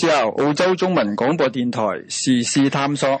之後澳洲中文廣播電台時事探索。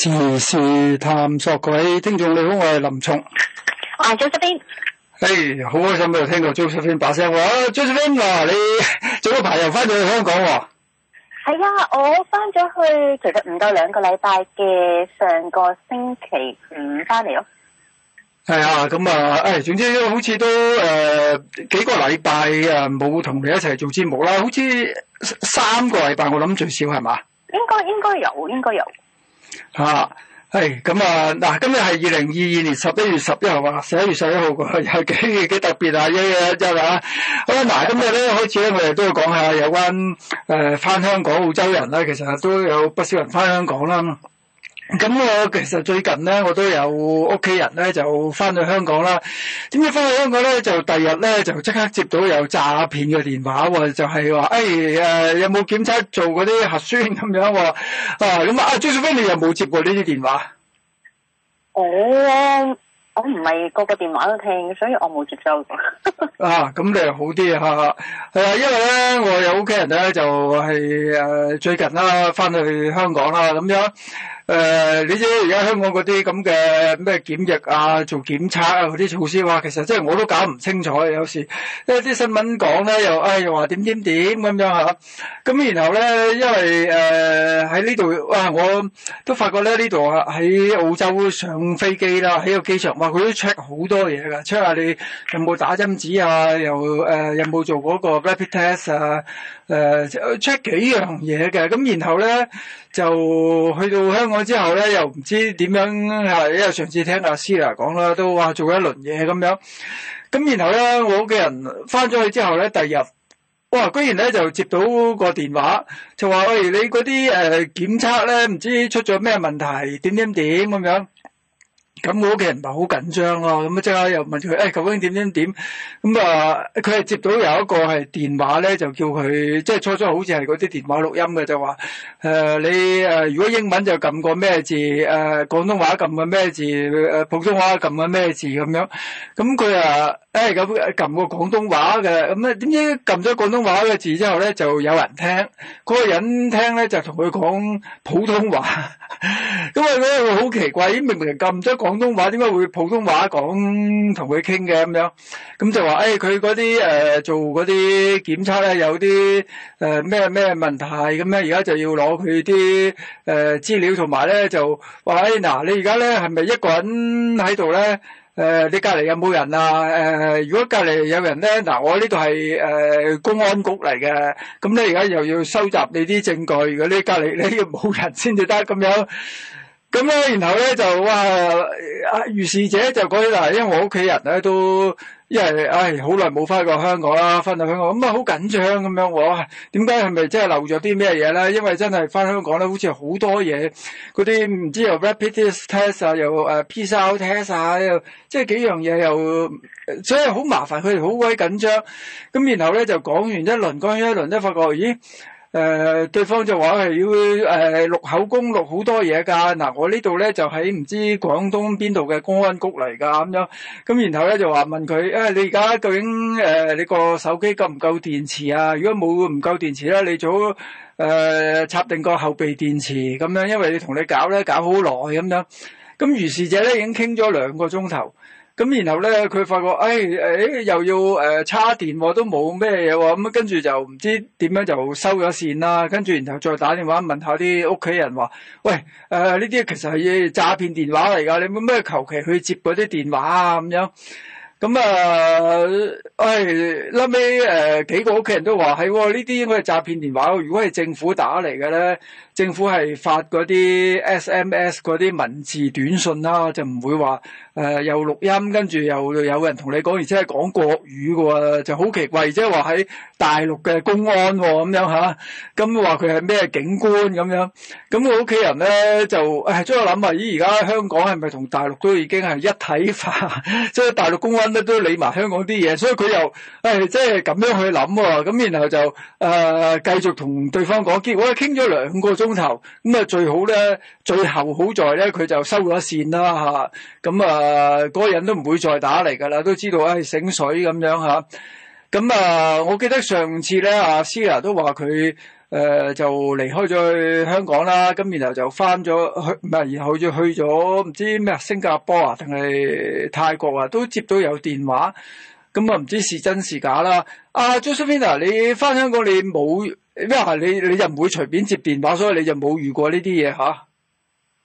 時事探索各位聽眾，你好，我係林聰，我係 Josephine，誒，好開心喺度聽過 Josephine 把聲喎，Josephine 啊，你早個排又翻咗去香港喎？係啊，我翻咗去，其實唔夠兩個禮拜嘅上個星期五翻嚟咯。係啊，咁啊，誒，總之好似都誒、呃、幾個禮拜啊，冇同你一齊做節目啦，好似三個禮拜，我諗最少係嘛？應該應該有，應該有。吓，係咁啊！嗱、哎，今日係二零二二年十一月十一號啊。十一月十一號嘅，係幾幾特別啊！一一一日啦，好啦，嗱，今日咧開始咧，我哋都要講下有關返翻香港澳洲人啦，其實都有不少人翻香港啦。咁我其實最近咧，我都有屋企人咧就翻到香港啦。點知翻到香港咧，就第二日咧就即刻接到有詐騙嘅電話喎，就係話誒，誒、哎呃、有冇檢測做嗰啲核酸咁樣話。」啊咁啊，朱少芬，你有冇接過呢啲電話？我我唔係個個電話都聽，所以我冇接收過。 啊，咁你又好啲啊？係啊，因為咧我有屋企人咧就係、是、誒最近啦翻到香港啦咁樣。誒、呃，你知而家香港嗰啲咁嘅咩檢疫啊、做檢測啊嗰啲、啊、措施話，其實真係我都搞唔清楚，有時因為啲新聞講咧又，哎又話點點點咁樣吓，咁然後咧，因為誒喺呢度，哇我都發覺咧呢度喺澳洲上飛機啦，喺個機場話佢都 check 好多嘢噶，check 下你有冇打針紙啊，又誒、呃、有冇做嗰個 rapid test 啊，誒、呃、check 幾樣嘢嘅，咁然後咧。就去到香港之後咧，又唔知點樣嚇。因為上次聽阿思娜講啦，都話做一輪嘢咁樣。咁然後咧，我屋企人翻咗去之後咧，第二日哇，居然咧就接到個電話，就話喂，你嗰啲、呃、檢測咧，唔知出咗咩問題點點點咁樣。咁我屋企人咪好緊張咯，咁啊即刻又問佢誒、哎、究竟點點點？咁啊佢係接到有一個係電話咧，就叫佢即係初初好似係嗰啲電話錄音嘅，就話誒、呃、你誒、呃、如果英文就撳個咩字誒、呃、廣東話撳個咩字、呃、普通話撳個咩字咁、呃、樣，咁佢啊。梗係咁撳個廣東話嘅，咁咧點知撳咗廣東話嘅字之後咧，就有人聽。嗰個人聽咧就同佢講普通話，因為咧好奇怪，明明撳咗廣東話，點解會普通話講同佢傾嘅咁樣？咁就話誒，佢嗰啲誒做嗰啲檢測咧，有啲誒咩咩問題咁咧，而家就要攞佢啲誒資料，同埋咧就話誒嗱，你而家咧係咪一個人喺度咧？誒、呃，你隔離有冇人啊？誒、呃，如果隔離有人咧，嗱，我呢度係誒公安局嚟嘅，咁咧而家又要收集你啲證據，如果你隔離你冇人先至得咁樣，咁咧，然後咧就哇，啊如是者就講，嗱，因為我屋企人咧都。因為唉，好耐冇翻過香港啦，翻到香港咁啊，好緊張咁樣喎。點解？係咪真係留咗啲咩嘢咧？因為真係翻香港咧，好似好多嘢，嗰啲唔知又 rapid test 啊，又誒 PCR test 啊 PC，又即係幾樣嘢又，所以好麻煩，佢哋好鬼緊張。咁然後咧就講完一輪講完一輪，都發覺咦～誒對方就話係要誒、呃、錄口供錄，錄好多嘢㗎。嗱，我呢度咧就喺唔知廣東邊度嘅公安局嚟㗎，咁樣。咁然後咧就話問佢：啊，你而家究竟誒、呃、你個手機夠唔夠電池啊？如果冇唔夠電池咧，你早好、呃、插定個後備電池咁樣，因為你同你搞咧搞好耐咁樣。咁於是者咧已經傾咗兩個鐘頭。咁然後咧，佢發覺，誒、哎哎、又要誒叉、呃、電喎，都冇咩嘢喎，咁、嗯、跟住就唔知點樣就收咗線啦。跟住然後再打電話問下啲屋企人話，喂，誒呢啲其實係詐詐騙電話嚟㗎，你冇咩求其去接嗰啲電話啊咁樣。咁、嗯、啊，誒、呃哎，後尾、呃、幾個屋企人都話係喎，呢啲應該係詐騙電話。如果係政府打嚟嘅咧。政府係發啲 SMS 啲文字短信啦，就唔會話誒、呃、又錄音，跟住又有人同你講，而且係講國語嘅喎，就好奇怪，而且話喺大陸嘅公安咁、哦、樣吓，咁話佢係咩警官咁樣，咁、嗯、我屋企人咧就誒將我諗啊，咦而家香港係咪同大陸都已經係一體化，即 係大陸公安咧都理埋香港啲嘢，所以佢又誒即係咁樣去諗喎，咁、嗯、然後就誒、呃、繼續同對方講，結果傾咗兩個鐘。工頭咁啊，最好咧，最後好在咧，佢就收咗線啦，吓咁啊，嗰、啊、個人都唔會再打嚟噶啦，都知道唉、哎，醒水咁樣吓。咁啊，我記得上次咧，阿 s i n a 都話佢誒就離開咗香港啦，咁然後就翻咗去，唔係，然後就去咗唔知咩啊，新加坡啊，定係泰國啊，都接到有電話，咁、嗯、啊，唔知是真是假啦。啊、ah，Josephina，你翻香港你冇咩係，你你就唔會隨便接電話，所以你就冇遇過呢啲嘢嚇。啊、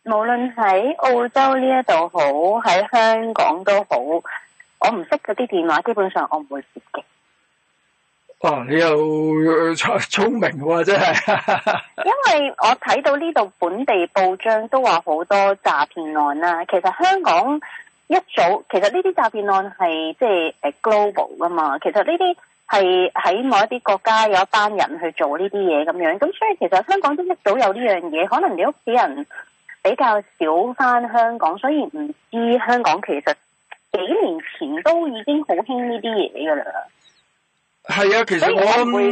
無論喺澳洲呢一度好，喺香港都好，我唔識嗰啲電話，基本上我唔會接嘅。哇、啊，你又、呃、聰明喎、啊，真係。 因為我睇到呢度本地報章都話好多詐騙案啦、啊。其實香港一早，其實呢啲詐騙案係即係 global 噶嘛。其實呢啲係喺某一啲國家有一班人去做呢啲嘢咁樣，咁所以其實香港都一早有呢樣嘢，可能你屋企人比較少翻香港，所以唔知香港其實幾年前都已經好興呢啲嘢㗎啦。係啊，其實我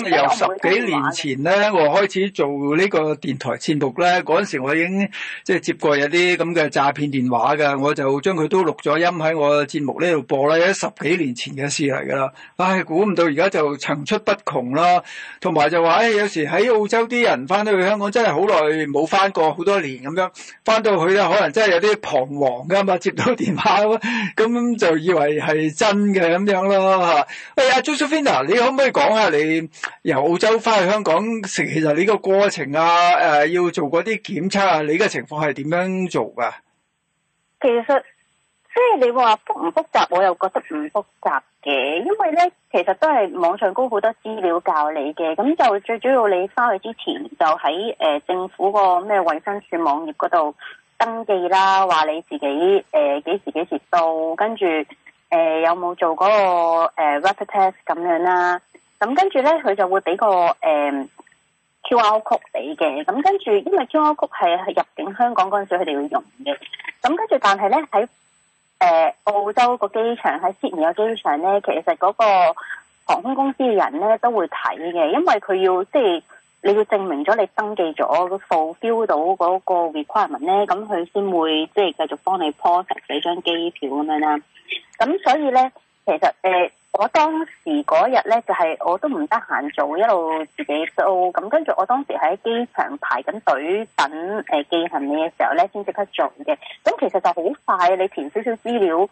由十幾年前咧，我開始做呢個電台節目咧，嗰陣時我已經即係接過有啲咁嘅詐騙電話噶，我就將佢都錄咗音喺我節目呢度播啦，有十幾年前嘅事嚟噶啦。唉、哎，估唔到而家就層出不窮啦，同埋就話，唉、哎，有時喺澳洲啲人翻到，到去香港，真係好耐冇翻過，好多年咁樣，翻到去咧，可能真係有啲彷徨噶嘛，接到電話咁，咁就以為係真嘅咁樣咯。吓、哎，喂，阿 Josephina，可唔可以講下你由澳洲翻去香港食？其實你個過程啊，誒、呃，要做嗰啲檢測啊，你嘅情況係點樣做噶？其實即係你話複唔複雜，我又覺得唔複雜嘅，因為咧，其實都係網上高好多資料教你嘅。咁就最主要你翻去之前就，就喺誒政府個咩衛生署網頁嗰度登記啦，話你自己誒幾時、呃、幾時到，跟住。誒、呃、有冇做嗰、那個 rapid test 咁樣啦、啊？咁、嗯、跟住咧，佢就會俾個誒、呃、QR code 俾嘅。咁、嗯、跟住，因為 QR code 係入境香港嗰陣時候，佢哋會用嘅。咁、嗯、跟住，但係咧喺誒澳洲個機場喺悉尼個機場咧，其實嗰個航空公司嘅人咧都會睇嘅，因為佢要即係。你要證明咗你登記咗、fulfill 到嗰個 requirement 咧，咁佢先會即係繼續幫你 process 幾張機票咁樣啦。咁所以咧，其實、呃、我當時嗰日咧就係、是、我都唔得閒做，一路自己做。咁跟住我當時喺機場排緊隊等誒寄、呃、行李嘅時候咧，先即刻做嘅。咁其實就好快，你填少少資料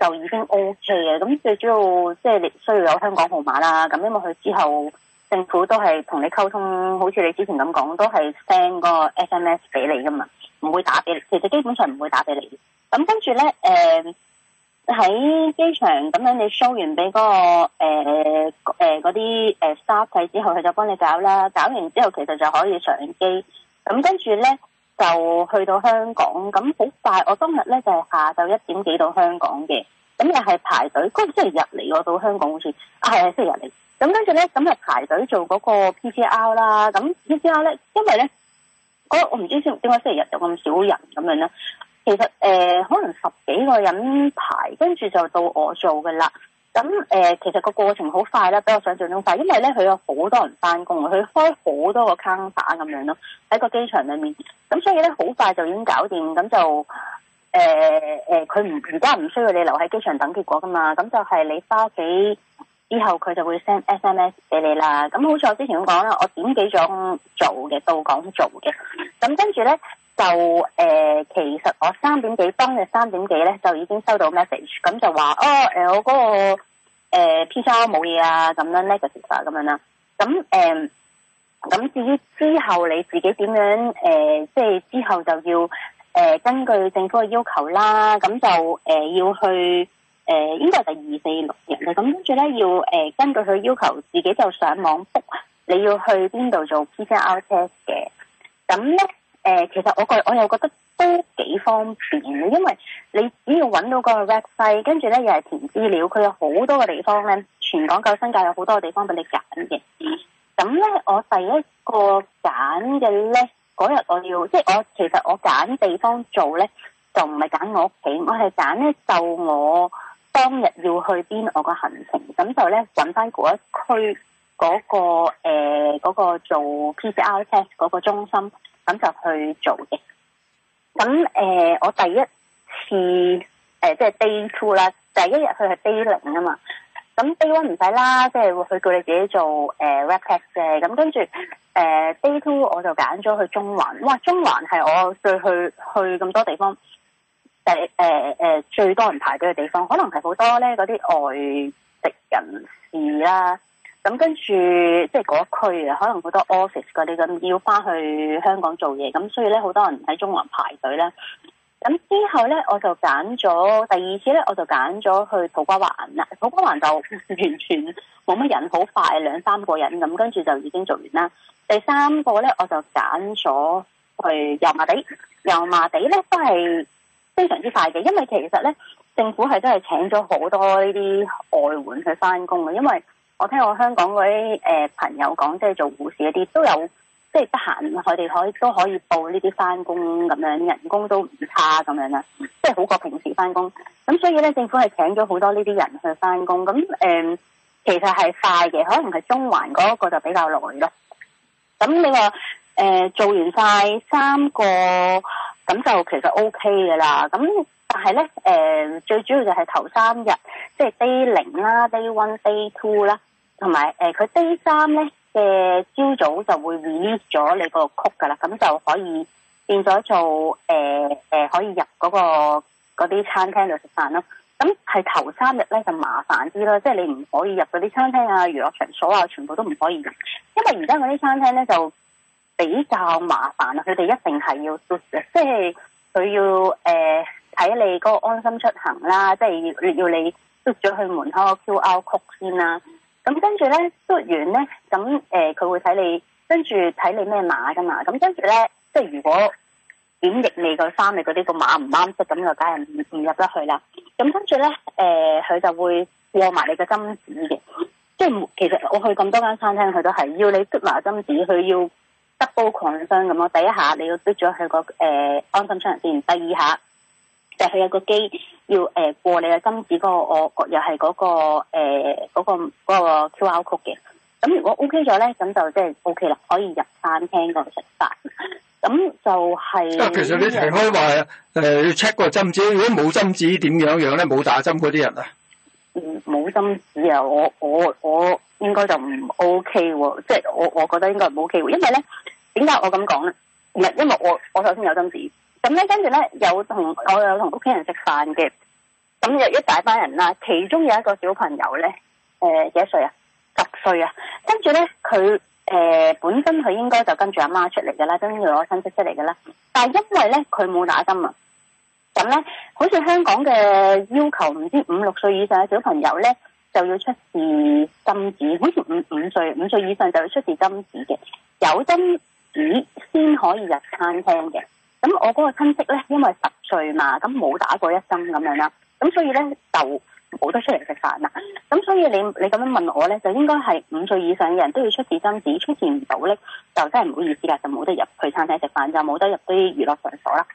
就已經 O K 嘅。咁最主要即係你需要有香港號碼啦。咁因為佢之後。政府都係同你溝通，好似你之前咁講，都係 send 個 SMS 俾你噶嘛，唔會打俾你。其實基本上唔會打俾你。咁跟住呢，誒喺機場咁樣，你收完俾嗰，那個誒誒嗰啲誒 staff 睇之後，佢就幫你搞啦。搞完之後，其實就可以上機。咁跟住呢，就去到香港。咁好快，我今日呢，就係、是、下晝一點幾到香港嘅。咁又係排隊，個即係日嚟我到香港好似，係係即係日嚟。咁跟住呢，咁就排隊做嗰個 PCR 啦。咁 PCR 呢，因為呢，我唔知先點解星期日有咁少人咁樣呢。其實誒、呃，可能十幾個人排，跟住就到我做嘅啦。咁誒、呃，其實個過程好快啦，比我想像中快，因為呢，佢有好多人翻工，佢開好多個 counter 咁樣咯，喺個機場裏面。咁所以呢，好快就已經搞掂，咁就誒佢唔而家唔需要你留喺機場等結果㗎嘛。咁就係你翻屋企。之後佢就會 send SMS 俾你啦。咁好似我之前咁講啦，我點幾種做嘅，到港做嘅。咁跟住呢，就誒、呃，其實我三點幾當嘅三點幾呢，就已經收到 message，咁就話哦，誒、呃、我嗰、那個誒、呃、PCR 冇嘢啊，咁樣呢個說法咁樣啦。咁誒，咁、呃、至於之後你自己點樣誒，即、呃、係之後就要誒、呃，根據政府嘅要求啦，咁就誒、呃、要去。誒，應該係第二、四、六日嘅。咁跟住咧要誒，根據佢要求，自己就上網 book，你要去邊度做 PCR test 嘅。咁咧，誒，其實我覺我又覺得都幾方便嘅，因為你只要揾到個 website，跟住咧又係填資料，佢有好多個地方咧，全港九新界有好多個地方俾你揀嘅。咁咧，我第一個揀嘅咧，嗰日我要，即係我其實我揀地方做咧，就唔係揀我屋企，我係揀咧就我。當日要去邊，我個行程咁就咧揾翻嗰一區嗰個誒、呃嗰個做 PCR test 嗰個中心，咁就去做嘅。咁誒、呃，我第一次誒即係 day two 啦，第一日去係 day 零啊嘛。咁 day one 唔使啦，即係會去叫你自己做誒 rapid test 啫。咁跟住誒 day two 我就揀咗去中環。哇，中環係我最去去咁多地方。誒誒、呃呃、最多人排隊嘅地方，可能係好多咧嗰啲外籍人士啦。咁跟住即係嗰區啊，可能好多 office 嗰啲咁要翻去香港做嘢，咁所以咧，好多人喺中環排隊咧。咁之後咧，我就揀咗第二次咧，我就揀咗去土瓜灣啦。土瓜灣就完全冇乜人，好快兩三個人咁，跟住就已經做完啦。第三個咧，我就揀咗去油麻地。油麻地咧都係。非常之快嘅，因為其實咧，政府係真係請咗好多呢啲外援去翻工嘅。因為我聽我香港嗰啲誒朋友講，即係做護士一啲都有，即係得閒，佢哋可以都可以報呢啲翻工咁樣，人工都唔差咁樣啦，即係好過平時翻工。咁所以咧，政府係請咗好多呢啲人去翻工。咁誒、呃，其實係快嘅，可能係中環嗰個就比較耐咯。咁你話誒、呃，做完晒三個。咁就其實 O K 嘅啦，咁但係咧，誒、呃、最主要就係頭三日，即係 day 零啦、day one、day two 啦，同埋誒佢 day 三咧嘅朝早就會 release 咗你個曲噶啦，咁就可以變咗做誒、呃呃、可以入嗰、嗰個嗰啲餐廳度食飯咯。咁係頭三日咧就麻煩啲囉。即、就、係、是、你唔可以入嗰啲餐廳啊、娛樂場所啊，全部都唔可以入，因為而家嗰啲餐廳咧就。比較麻煩啊！佢哋一定係要 d 嘅。即係佢要誒睇、呃、你嗰個安心出行啦，即係要要你 d 咗去門口個 Q R 曲先啦。咁跟住咧 d 完咧，咁誒佢會睇你跟住睇你咩碼噶嘛。咁跟住咧，即係如果檢疫你夠三你嗰啲個碼唔啱色，咁就梗係唔唔入得去啦。咁跟住咧，誒、呃、佢就會過埋你嘅針紙嘅，即係其實我去咁多間餐廳，佢都係要你嘟埋針紙，佢要。得煲抗生素咁咯。Concern, 第一下你要逼咗佢個誒安心出嚟先。第二下就佢、是、有個機要誒過你個針子嗰個，我又係嗰、那個誒 r、那個 o、那個那個 Q R code 嘅。咁如果 O K 咗咧，咁就即係 O K 啦，可以入餐廳嗰度食飯。咁就係、是。其實你提開話誒 check 個針子，如果冇針子點樣樣咧？冇打針嗰啲人啊？冇針子啊！我我我應該就唔 O K 喎，即、就、係、是、我我覺得應該唔 O K 喎，因為咧。點解我咁講咧？唔係，因為我我首先有針紙。咁咧跟住咧有同我有同屋企人食飯嘅，咁有一大班人啦、啊，其中有一個小朋友咧，誒、呃、幾歲啊？十歲啊！跟住咧佢誒本身佢應該就跟住阿媽出嚟噶啦，跟住我親戚出嚟噶啦，但係因為咧佢冇打針啊，咁咧好似香港嘅要求，唔知五六歲以上嘅小朋友咧就要出示針紙。好似五五歲五歲以上就要出示針紙嘅，有針。咦，先可以入餐廳嘅，咁我嗰個親戚呢，因為十歲嘛，咁冇打過一針咁樣啦，咁所以呢，就冇得出嚟食飯啦，咁所以你你咁樣問我呢，就應該係五歲以上嘅人都要出示針紙，出示唔到呢，就真係唔好意思噶，就冇得入去餐廳食飯，就冇得入啲娛樂場所啦。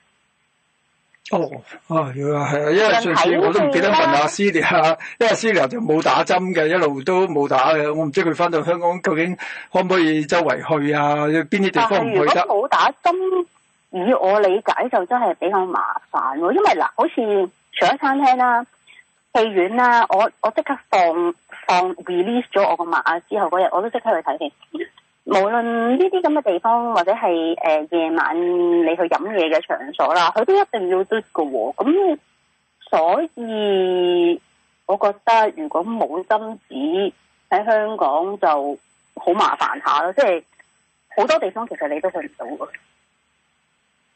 哦，啊，原來係啊，因為上次我都唔記得問阿 Celia 啊，因為 Celia 就冇打針嘅，一路都冇打嘅，我唔知佢翻到香港究竟可唔可以周圍去啊？邊啲地方去得？如果冇打針，以我理解就真係比較麻煩，因為嗱，好似除咗餐廳啦、戲院啦，我我即刻放放 release 咗我個麥之後嗰日，我都即刻去睇戲。無論呢啲咁嘅地方，或者係誒夜晚你去飲嘢嘅場所啦，佢都一定要嘟㗎喎。咁所以我覺得如果冇針紙喺香港就好麻煩下咯，即係好多地方其實你都去唔到㗎。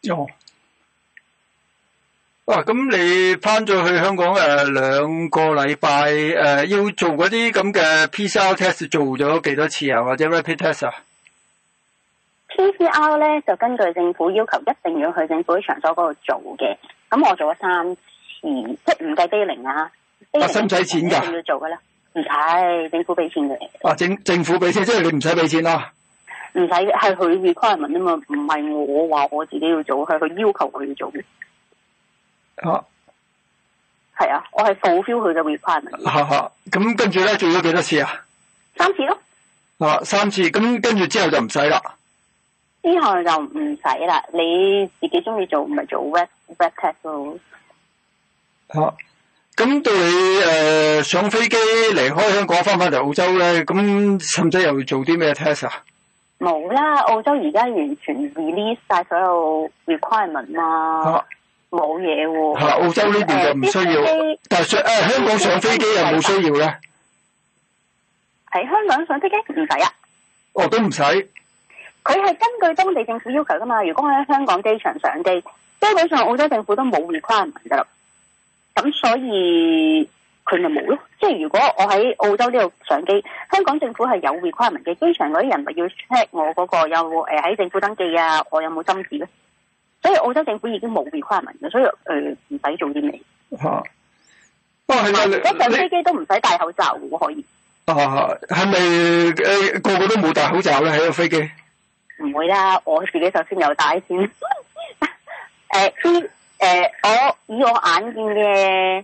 有、嗯。哇！咁、啊、你翻咗去香港誒，兩、呃、個禮拜誒，要做嗰啲咁嘅 PCR test 做咗幾多次啊？或者 Rapid test 啊？PCR 咧，就根據政府要求，一定要去政府啲場所嗰度做嘅。咁我做咗三次，即係唔計機齡啊。啊！使唔使錢噶？一定要做噶啦？唔使，政府俾錢嘅。啊政政府俾錢，即係你唔使俾錢啦。唔使，係佢 requirement 嘛？唔係我話我，我自己要做，係佢要求佢要做嘅。哦係啊，啊，我係 fulfill 佢嘅 requirement。吓吓、啊，咁、啊、跟住咧做咗幾多次啊？三次咯。啊，三次，咁跟住之後就唔使啦。之後就唔使啦，你自己中意做，唔係做 west wet test 咯。吓、啊，咁到你誒、呃、上飛機離開香港翻返嚟澳洲咧，咁甚至又要做啲咩 test 啊？冇啦，澳洲而家完全 release 晒所有 requirement 啦。啊。冇嘢喎。嚇、啊，澳洲呢邊就唔需要。啊、但上誒、啊、香港上飛機又冇需要咧。喺香港上飛機唔使啊。哦，都唔使。佢係根據當地政府要求噶嘛。如果我喺香港機場上機，基本上澳洲政府都冇 requirement 噶啦。咁所以佢咪冇咯。即係如果我喺澳洲呢度上機，香港政府係有 requirement 嘅。機場嗰啲人咪要 check 我嗰、嗰個有誒喺政府登記啊，我有冇針紙咧？所以澳洲政府已經冇 requirement 嘅，所以誒唔使做啲咩。吓、呃，不過係咪？而家上飛機都唔使戴口罩嘅可以。啊，係咪誒個個都冇戴口罩咧喺個飛機機？唔會啦，我自己首先有戴先。誒、 呃，啲、呃、誒、呃，我以我眼見嘅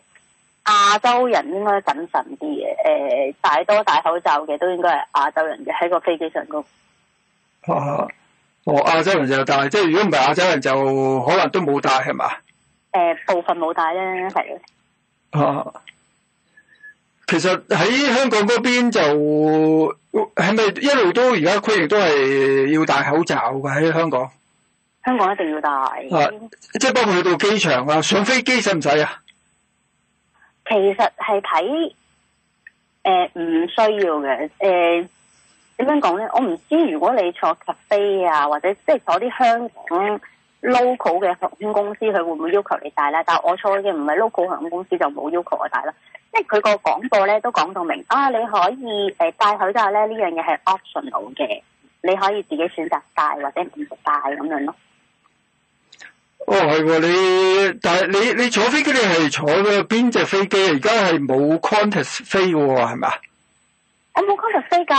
亞洲人應該謹慎啲嘅，誒、呃，大多戴口罩嘅都應該係亞洲人嘅喺個飛機上高。啊。哦，亞洲人就戴，即係如果唔係亞洲人就可能都冇戴係嘛？誒、呃，部分冇戴咧，係。哦、啊，其實喺香港嗰邊就係咪一路都而家規定都係要戴口罩嘅？喺香港，香港一定要戴、啊。即係包括去到機場啊，上飛機使唔使啊？其實係睇誒，唔、呃、需要嘅誒。呃點樣講咧？我唔知如果你坐客機啊，或者即係坐啲香港 local 嘅航空公司，佢會唔會要求你帶咧？但係我坐嘅唔係 local 航空公司，就冇要求我帶啦。即係佢個廣播咧都講到明啊，你可以誒帶口罩咧，呢樣嘢係 optional 嘅，你可以自己選擇帶或者唔帶咁樣咯。哦，係你但係你你坐飛機你係坐嘅邊隻飛機啊？而家係冇 Qantas 飛嘅係嘛？我冇 contact 飛㗎，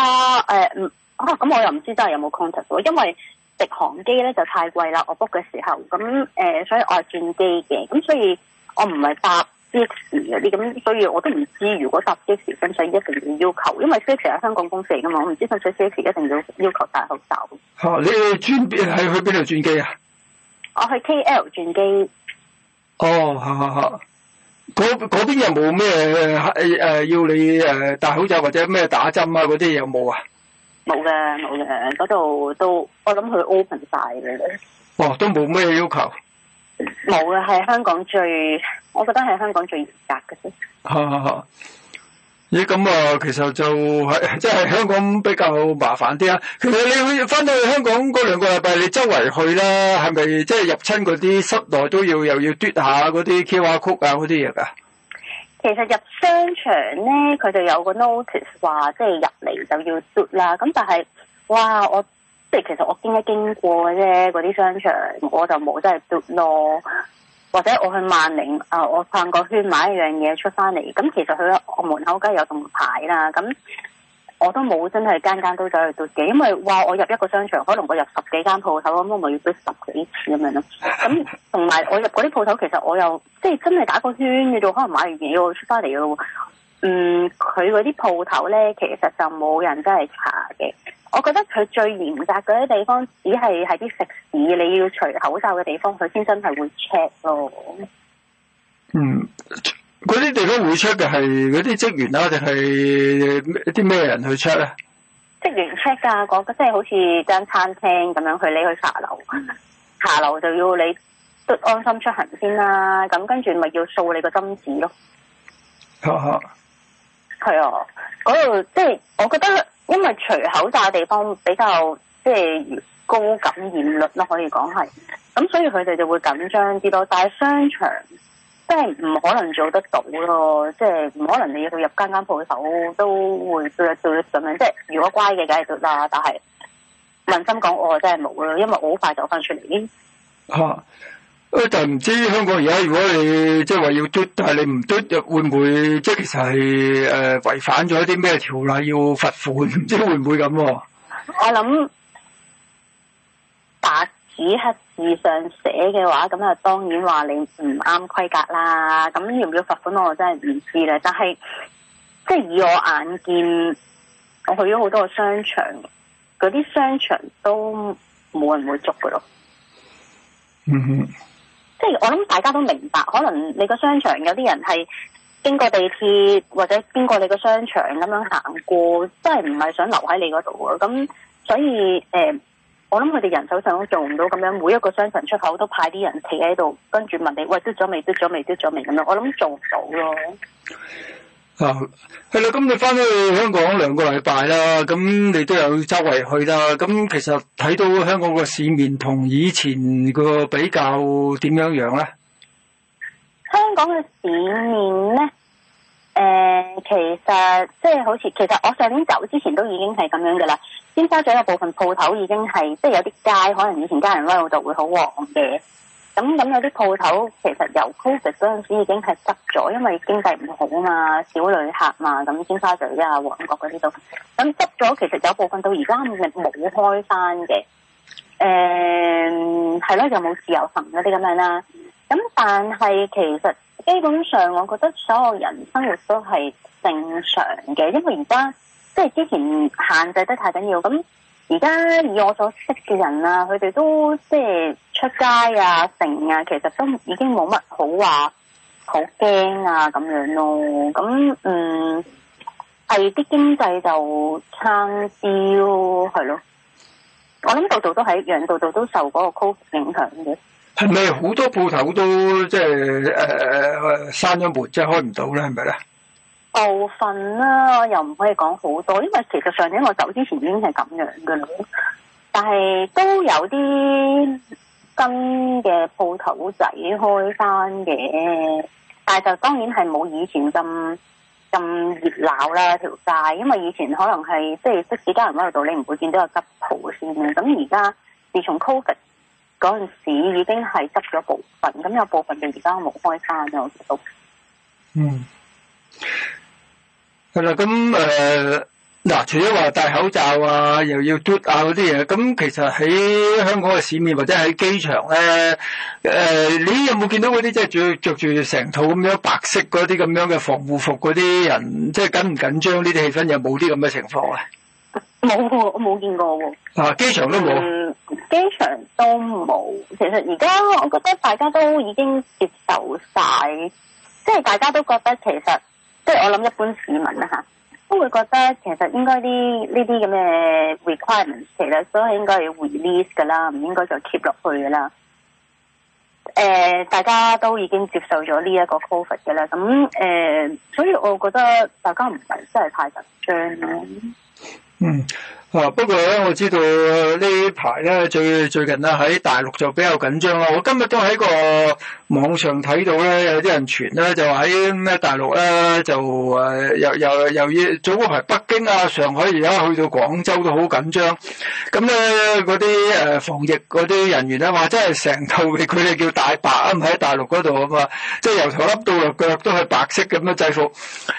唔、啊，咁、哎、我又唔知真係有冇 contact 喎、啊，因為直航機咧就太貴啦，我 book 嘅時候，咁誒、呃，所以我係轉機嘅，咁所以我唔係搭 CX 嗰啲咁，所以我都唔知如果搭 CX，分 s 一定要要求，因為 CX 係香港公司嚟嘛，我唔知分請 CX 一定要要求戴口罩。嚇！你轉係去邊度轉機啊？我去 KL 轉機。哦，好好好。嗰邊又有冇咩誒要你誒戴口罩或者咩打針啊嗰啲，有冇啊？冇嘅，冇嘅，嗰度都我諗佢 open 曬嘅啦。哦，都冇咩要求。冇嘅，係香港最，我覺得係香港最嚴格嘅啫。啊啊啊咦咁啊，其實就係即係香港比較麻煩啲啊。其實你去翻到去香港嗰兩個禮拜，你周圍去啦，係咪即係入親嗰啲室內都要又要嘟下嗰啲 Q R 曲啊嗰啲嘢噶？其實入商場咧，佢就有個 notice 話，即、就、係、是、入嚟就要嘟啦。咁但係，哇！我即係其實我今日經過啫，嗰啲商場我就冇真係嘟咯。或者我去萬寧啊、呃，我逛個圈買一樣嘢出翻嚟，咁其實佢喺我門口梗係有棟牌啦，咁我都冇真係間間都走去到嘅，因為話我入一個商場，可能我入十幾間鋪頭，咁我咪要轉十幾次咁樣咯。咁同埋我入嗰啲鋪頭，其實我又即係真係打個圈你就可能買完嘢要出翻嚟嘅，嗯，佢嗰啲鋪頭呢，其實就冇人真係查嘅。我覺得佢最嚴格嗰啲地，地方，只係喺啲食肆，你要除口罩嘅地方，佢先真係會 check 咯。嗯，嗰啲地方會 check 嘅係嗰啲職員啊，定係啲咩人去 check 啊？職員 check 啊，講即係好似間餐廳咁樣，去你去下樓，下樓就要你都安心出行先啦。咁跟住咪要掃你個針紙。咯，吓吓！係啊，嗰度即係我覺得，因為除口罩嘅地方比較即係高感染率咯，可以講係。咁所以佢哋就會緊張啲咯。但係商場即係唔可能做得到咯，即係唔可能你要入間間鋪頭都會做一做咁樣。即係如果乖嘅梗係做得啦，但係問心講我真係冇咯，因為我好快走翻出嚟。嚇、啊！誒，但係唔知香港而家如果你即係話要捉，但係你唔捉，又會唔會即係其實係誒違反咗一啲咩條例要罰款？唔知會唔會咁？我諗白紙黑字上寫嘅話，咁啊當然話你唔啱規格啦。咁要唔要罰款，我真係唔知咧。但係即係以我眼見，我去咗好多個商場，嗰啲商場都冇人會捉嘅咯。嗯哼。即係我諗大家都明白，可能你個商場有啲人係經過地鐵或者經過你個商場咁樣行過，真係唔係想留喺你嗰度嘅，咁所以誒、呃，我諗佢哋人手上都做唔到咁樣，每一個商場出口都派啲人企喺度，跟住問你喂，嘟咗未？嘟咗未？嘟咗未？咁樣，我諗做唔到咯。啊，係啦，咁你翻咗去香港兩個禮拜啦，咁你都有周圍去啦，咁其實睇到香港個市面同以前個比較點樣樣咧？香港嘅市面咧，誒、呃，其實即係好似，其實我上年走之前都已經係咁樣噶啦。尖沙咀有部分鋪頭已經係，即係有啲街可能以前家人威嗰度就會好旺嘅。咁咁有啲鋪頭其實由 COVID 嗰陣時已經係執咗，因為經濟唔好啊嘛，少旅客嘛，咁尖沙咀啊、旺角嗰啲都，咁執咗其實有部分到而家係冇開翻嘅，誒、嗯，係咯，又冇自由行嗰啲咁樣啦。咁但係其實基本上，我覺得所有人生活都係正常嘅，因為而家即係之前限制得太緊要咁。而家以我所識嘅人啊，佢哋都即係出街啊、成啊，其實都已經冇乜好話，好驚啊咁樣咯。咁嗯，係啲經濟就參差咯，係咯。我諗度度都係，樣樣度度都受嗰個 COVID 影響嘅。係咪好多鋪頭都即係誒閂咗門，即係開唔到咧？係咪咧？部分啦，啊，我又唔可以講好多，因為其實上年我走之前已經係咁樣噶啦，但係都有啲新嘅鋪頭仔開翻嘅，但係就當然係冇以前咁咁熱鬧啦，條街，因為以前可能係即係即使家唔開到，你唔會見到有執鋪先，咁而家自從 Covid 嗰陣時已經係執咗部分，咁有部分就而家冇開翻嘅都，我嗯。係啦，咁誒，嗱、呃，除咗話戴口罩啊，又要嘟啊嗰啲嘢，咁其實喺香港嘅市面或者喺機場咧，誒、呃，你有冇見到嗰啲即係着着住成套咁樣白色嗰啲咁樣嘅防護服嗰啲人，即係緊唔緊張？呢啲氣氛有冇啲咁嘅情況啊？冇喎，我冇見過喎。啊、嗯，機場都冇。嗯，機場都冇。其實而家我覺得大家都已經接受晒，即係大家都覺得其實。即係我諗，一般市民啦、啊、吓，都會覺得其實應該啲呢啲咁嘅 requirements，其實都係應該要 release 噶啦，唔應該再 keep 落去噶啦。誒、呃，大家都已經接受咗呢一個 COVID 嘅啦，咁、嗯、誒、呃，所以我覺得大家唔使真係太緊張咯。嗯。啊！不過咧，我知道呢排咧最最近呢，喺大陸就比較緊張啦。我今日都喺個網上睇到咧，有啲人傳咧，就話喺咩大陸咧就誒又又又要早排北京啊、上海，而家去到廣州都好緊張。咁咧，嗰啲防疫嗰啲人員咧，話真係成套佢哋叫大白啊，唔喺大陸嗰度啊嘛，即係由頭笠到落腳都係白色咁樣制服。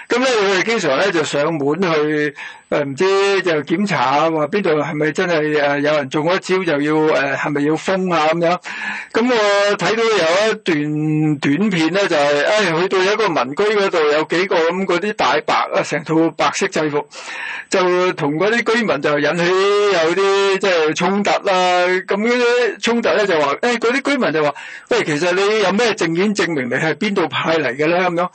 咁咧佢哋經常咧就上門去誒，唔知就檢查。話邊度係咪真係誒有人中一招就要誒係咪要封啊咁樣？咁我睇到有一段短片咧，就係誒、哎、去到一個民居嗰度，有幾個咁嗰啲大白啊，成套白色制服，就同嗰啲居民就引起有啲即係衝突啦。咁啲衝突咧就話誒，嗰啲居民就話：喂，其實你有咩證件證明你係邊度派嚟嘅咧？咁樣。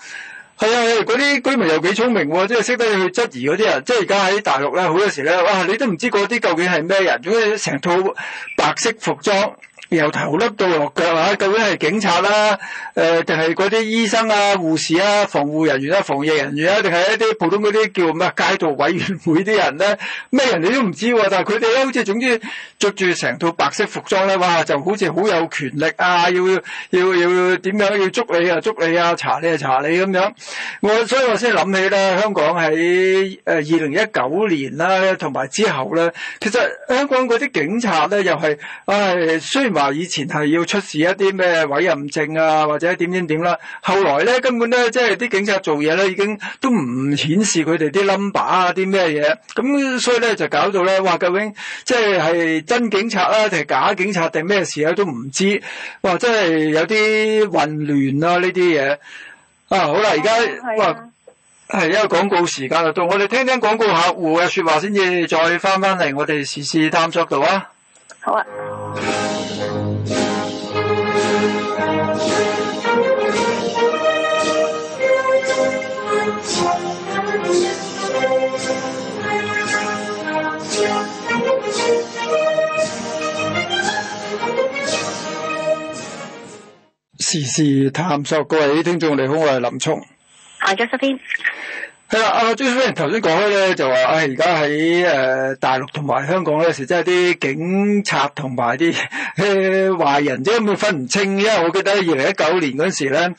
係啊，嗰啲居民又幾聰明喎，即係識得去質疑嗰啲人。即係而家喺大陸咧，好多時候咧，哇！你都唔知嗰啲究竟係咩人，總之成套白色服裝。由頭笠到落腳啊，究竟係警察啦、啊，誒定係嗰啲醫生啊、護士啊、防護人員啊、防疫人員啊，定係一啲普通嗰啲叫咩街道委員會啲人咧？咩人你都唔知喎、啊，但係佢哋咧，好似總之著住成套白色服裝咧、啊，哇，就好似好有權力啊！要要要點樣要捉你啊，捉你啊，查你啊，查你咁、啊、樣。我所以我先諗起咧，香港喺誒二零一九年啦，同埋之後咧，其實香港嗰啲警察咧又係、哎，雖然話以前係要出示一啲咩委任證啊，或者點點點啦。後來咧，根本咧，即係啲警察做嘢咧，已經都唔顯示佢哋啲 number 啊，啲咩嘢。咁、嗯、所以咧，就搞到咧，哇！究竟即係係真警察啦、啊，定係假警察定咩事啊，都唔知。哇！真係有啲混亂啊，呢啲嘢。啊，好啦，而家話係一個廣告時間到，我哋聽聽廣告客戶嘅說話先至，再翻翻嚟我哋時事探索度啊。好啊。時事探索，各位聽眾你好，我係林聰。係張先生，係、啊、啦，阿朱先生頭先講開咧，就話，唉、呃，而家喺誒大陸同埋香港咧，實真係啲警察同埋啲壞人，即係咁分唔清，因為我記得二零一九年嗰時咧。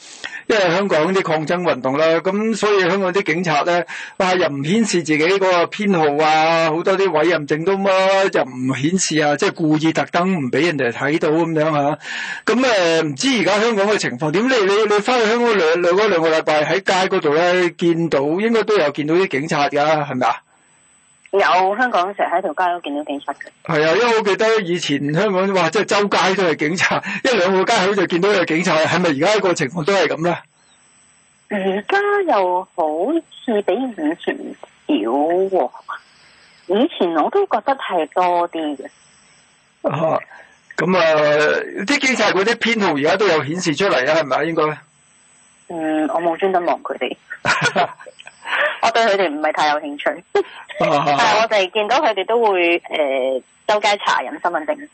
即係香港啲抗爭運動啦，咁所以香港啲警察咧，啊又唔顯示自己個編號啊，好多啲委任證都乜又唔顯示啊，即係故意特登唔俾人哋睇到咁樣嚇。咁誒唔知而家香港嘅情況點？你你你翻去香港兩兩個兩個禮拜喺街嗰度咧，見到應該都有見到啲警察㗎，係咪啊？有香港成日喺條街都見到警察嘅。係啊，因為我記得以前香港話，即係周街都係警察，一兩個街口就見到有警察。係咪而家個情況都係咁咧？而家又好似比以前少喎。啊，以前我都覺得係多啲嘅。咁啊，啲警察嗰啲編號而家都有顯示出嚟啊？係咪啊？應該咧。嗯，我冇專登望佢哋。我對佢哋唔係太有興趣，啊、 但係我哋見到佢哋都會誒，周、呃、街查人身份證。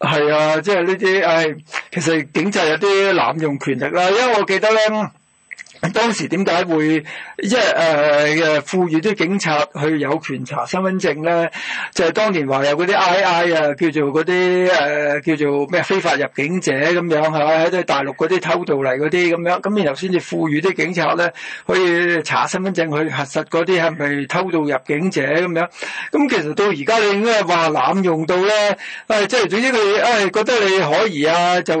係啊，即係呢啲誒，其實警察有啲濫用權力啦，因為我記得咧。當時點解會即係誒誒賦予啲警察去有權查身份證咧？就係、是、當年話有嗰啲 I I 啊，叫做嗰啲誒叫做咩非法入境者咁樣嚇，即係大陸嗰啲偷渡嚟嗰啲咁樣。咁然後先至賦予啲警察咧可以查身份證去核實嗰啲係咪偷渡入境者咁樣。咁其實到而家你應該係話濫用到咧，誒即係總之你誒覺得你可以啊，就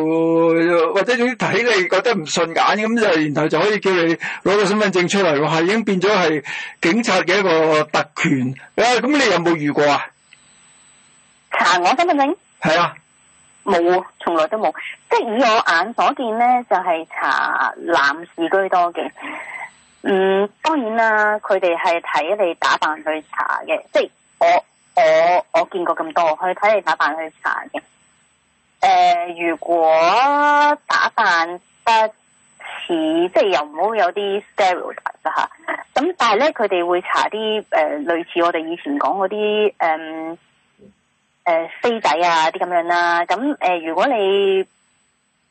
或者總之睇你覺得唔順眼咁，就然後就可以叫。你攞個身份證出嚟，係已經變咗係警察嘅一個特權啊！咁、哎、你有冇遇過啊？查我身份證？係啊，冇啊，從來都冇。即係以我眼所見咧，就係、是、查男士居多嘅。嗯，當然啦，佢哋係睇你打扮去查嘅。即係我我我見過咁多，去睇你打扮去查嘅。誒、呃，如果打扮得，即係又唔好有啲 stereotype 吓，咁但係咧佢哋會查啲誒、呃、類似我哋以前講嗰啲誒誒飛仔啊啲咁樣啦，咁誒、呃、如果你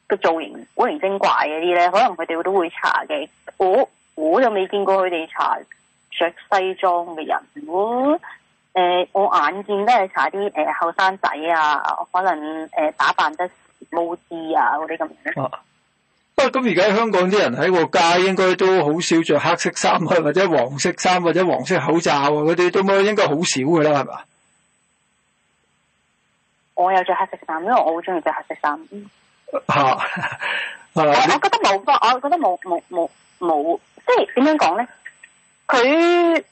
個造型古靈精怪嗰啲咧，可能佢哋都會查嘅。我我又未見過佢哋查着西裝嘅人。如果誒我眼見都係查啲誒後生仔啊，可能誒、呃、打扮得髦啲啊嗰啲咁樣、啊咁而家香港啲人喺個街應該都好少着黑色衫啊，或者黃色衫或者黃色口罩啊，嗰啲都冇，應該好少噶啦，係嘛？我有着黑色衫，因為我好中意着黑色衫。嚇！我覺得冇，我覺得冇冇冇冇，即係點樣講咧？佢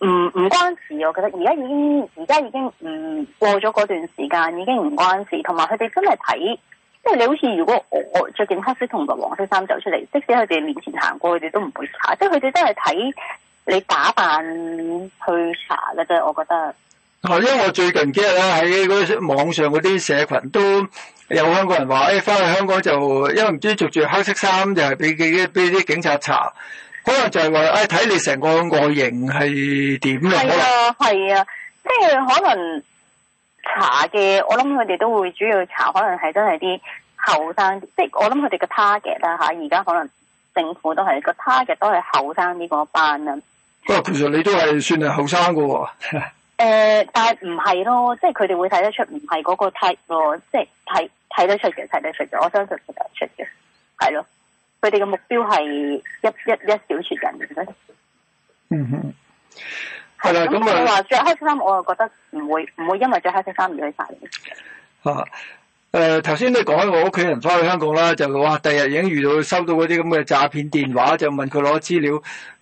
唔唔關事，我覺得而家已經而家已經唔過咗嗰段時間，已經唔關事。同埋佢哋真係睇。即係你好似如果我我着件黑色同埋黃色衫走出嚟，即使佢哋面前行過，佢哋都唔會查。即係佢哋都係睇你打扮去查嘅啫。我覺得。啊，因為我最近幾日咧喺嗰網上嗰啲社群都有香港人話，誒，翻去香港就因為唔知着住黑色衫，就係俾幾俾啲警察查。可能就係話，誒，睇你成個外形係點樣咯。係啊，即係可能。查嘅，我諗佢哋都會主要查，可能係真係啲後生，即係我諗佢哋個 target 啦吓，而家可能政府都係個 target 都係後生啲嗰班啦。不過其實你都係算係後生噶喎。誒、 呃，但係唔係咯，即係佢哋會睇得出唔係嗰個 type 咯，即係睇睇得出嘅，睇得出嘅，我相信睇得出嘅，係咯。佢哋嘅目標係一一一小撮人嘅。嗯哼。係啦，咁啊，着的、嗯、黑色衫我又覺得唔會唔、嗯、會因為着黑色衫而去殺人。啊，誒頭先都講我屋企人翻去香港啦，就哇第日已經遇到收到嗰啲咁嘅詐騙電話，就問佢攞資料。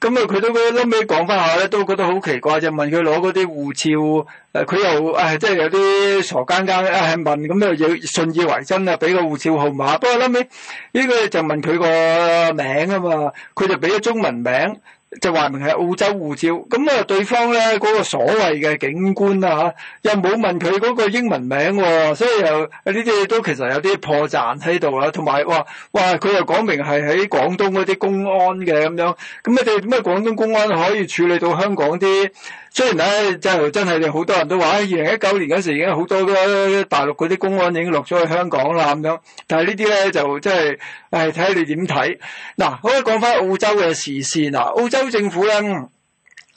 咁、嗯、啊，佢都撚尾講翻下咧，都覺得好奇怪，就問佢攞嗰啲護照。誒、呃、佢又誒即係有啲傻更更，一、哎、係問咁又要信以為真啊，俾個護照號碼。不過撚尾呢個就問佢個名啊嘛，佢就俾咗中文名。就話明係澳洲護照，咁啊對方咧嗰、嗰個所謂嘅警官啊又冇問佢嗰個英文名喎、哦，所以又呢啲嘢都其實有啲破綻喺度啊，同埋哇哇佢又講明係喺廣東嗰啲公安嘅咁樣，咁你哋咩廣東公安可以處理到香港啲？雖然咧，真係真係，好多人都話二零一九年嗰時，已經好多都大陸嗰啲公安已經落咗去香港啦咁樣。但係呢啲咧就真係，誒睇下你點睇。嗱，可以講翻澳洲嘅時事嗱，澳洲政府咧。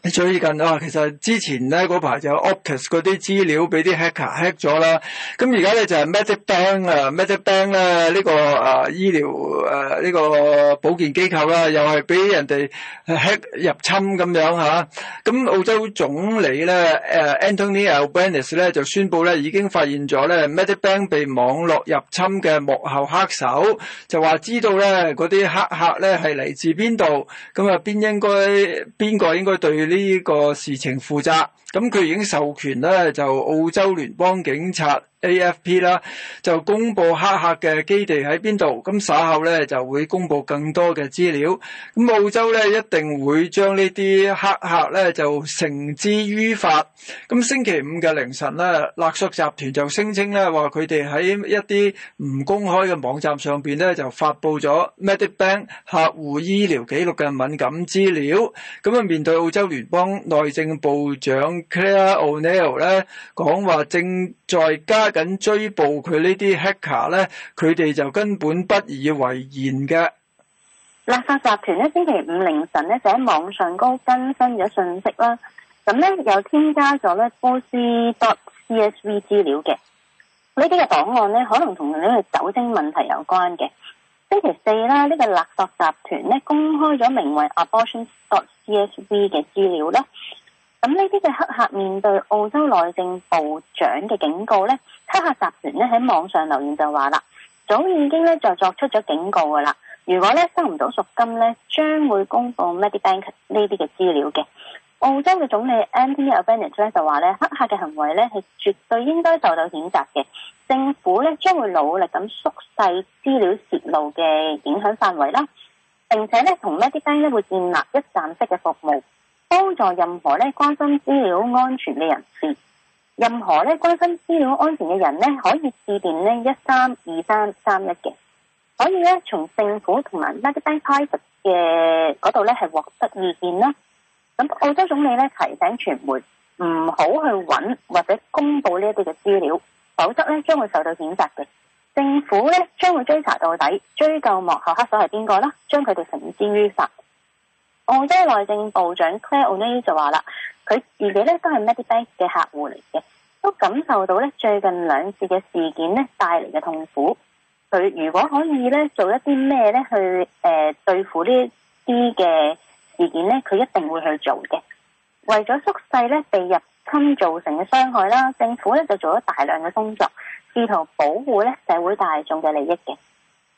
最近啊，其實之前咧嗰排就 Optus 嗰啲資料俾啲 Hacker hack 咗啦，咁而家咧就係、是、Medibank 啊，Medibank 咧呢、這個、啊、醫療誒呢、啊這個保健機構啦，又係俾人哋 hack 入侵咁樣嚇。咁、啊啊、澳洲總理咧、啊、Anthony Albanese 咧就宣布咧已經發現咗咧 Medibank 被網絡入侵嘅幕後黑手，就話知道咧嗰啲黑客咧係嚟自邊度，咁啊邊應該邊個應該對？呢個事情負責。咁佢已經授權咧，就澳洲聯邦警察 AFP 啦，就公布黑客嘅基地喺邊度。咁稍後咧就會公布更多嘅資料。咁澳洲咧一定會將呢啲黑客咧就繩之於法。咁星期五嘅凌晨咧，勒索集團就聲稱咧話佢哋喺一啲唔公開嘅網站上邊咧就發布咗 Medibank 客戶醫療記錄嘅敏感資料。咁啊面對澳洲聯邦內政部長，Claire O'Neill 咧，講話，正在加緊追捕佢呢啲 hacker 咧，佢哋就根本不以為然嘅。垃圾集團咧星期五凌晨咧就喺網上高更新咗信息啦，咁咧又添加咗咧 abortion.csv 資料嘅，呢啲嘅檔案咧可能同呢個酒精問題有關嘅。星期四啦，呢、呢個勒索集團咧公開咗名為 abortion.csv dot 嘅資料咧。咁呢啲嘅黑客面對澳洲內政部長嘅警告呢，黑客集團呢，喺網上留言就話啦，早已經呢就作出咗警告㗎啦。如果呢，收唔到贖金呢，將會公佈 Medibank 呢啲嘅資料嘅。澳洲嘅總理 Anthony Albanese 呢咧，就話呢，黑客嘅行為呢係絕對應該受到譴責嘅。政府呢，將會努力咁縮細資料泄露嘅影響範圍啦，並且呢，同 Medibank 呢會建立一站式嘅服務。幫助任何咧關心資料安全嘅人士，任何咧關心資料安全嘅人咧，可以致電咧一三二三三一嘅。所以咧，從政府同埋 Medibank Private 嘅嗰度咧，係獲得意見啦。咁澳洲總理咧提醒傳媒，唔好去搵或者公佈呢一啲嘅資料，否則咧將會受到譴責嘅。政府咧將會追查到底，追究幕後黑手係邊個啦，將佢哋繩之於法。澳洲內政部長 Claire O'Neill 就話啦，佢自己咧都係 Medibank 嘅客戶嚟嘅，都感受到咧最近兩次嘅事件咧帶嚟嘅痛苦。佢如果可以咧做一啲咩咧去誒、呃、對付呢啲嘅事件咧，佢一定會去做嘅。為咗縮細咧被入侵造成嘅傷害啦，政府咧就做咗大量嘅工作，試圖保護咧社會大眾嘅利益嘅。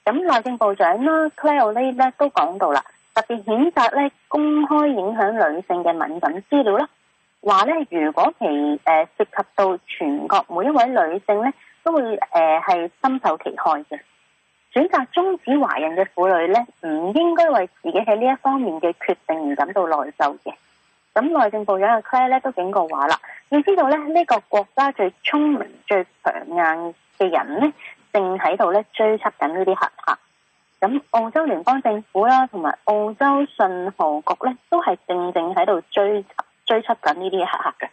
咁內政部長啦，Claire O'Neill 咧都講到啦。特別譴責咧公開影響女性嘅敏感資料啦，話咧如果其誒、呃、涉及到全國每一位女性咧，都會誒係、呃、深受其害嘅。選擇終止懷孕嘅婦女咧，唔應該為自己喺呢一方面嘅決定而感到內疚嘅。咁內政部長嘅 Claire 咧都警告話啦，要知道咧呢、這個國家最聰明最強硬嘅人咧，正喺度咧追緝緊呢啲黑客。咁澳洲聯邦政府啦，同埋澳洲信號局咧，都係正正喺度追追測緊呢啲黑客嘅。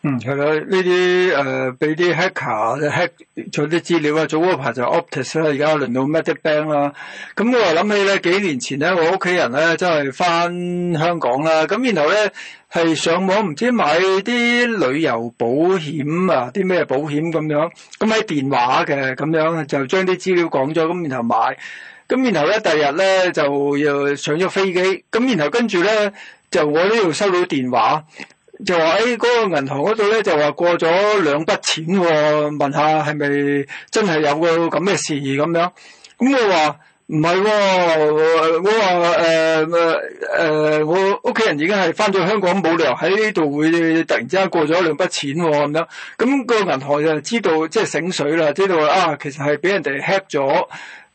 嗯，係啦，呢啲誒俾啲黑客 hack，取啲資料啊。早嗰排就 Optus 啦，而家輪到 Medibank 啦。咁我又諗起咧，幾年前咧，我屋企人咧真係翻香港啦。咁然後咧係上網唔知買啲旅遊保險啊，啲咩保險咁樣咁喺電話嘅咁樣就將啲資料講咗，咁然後買。咁然後呢，第二日呢，就又上咗飛機。咁然後跟住呢，就我呢度收到電話，就話誒嗰個銀行嗰度呢，就話過咗兩筆錢喎、哦，問下係咪真係有個咁嘅事咁樣。咁我話唔係喎，我話誒誒我屋企、呃呃呃、人已經係返咗香港冇理由，喺呢度會突然之間過咗兩筆錢喎、哦、咁樣。咁、嗯個銀行就知道即係、就是、醒水啦，知道啊，其實係俾人哋 hack 咗。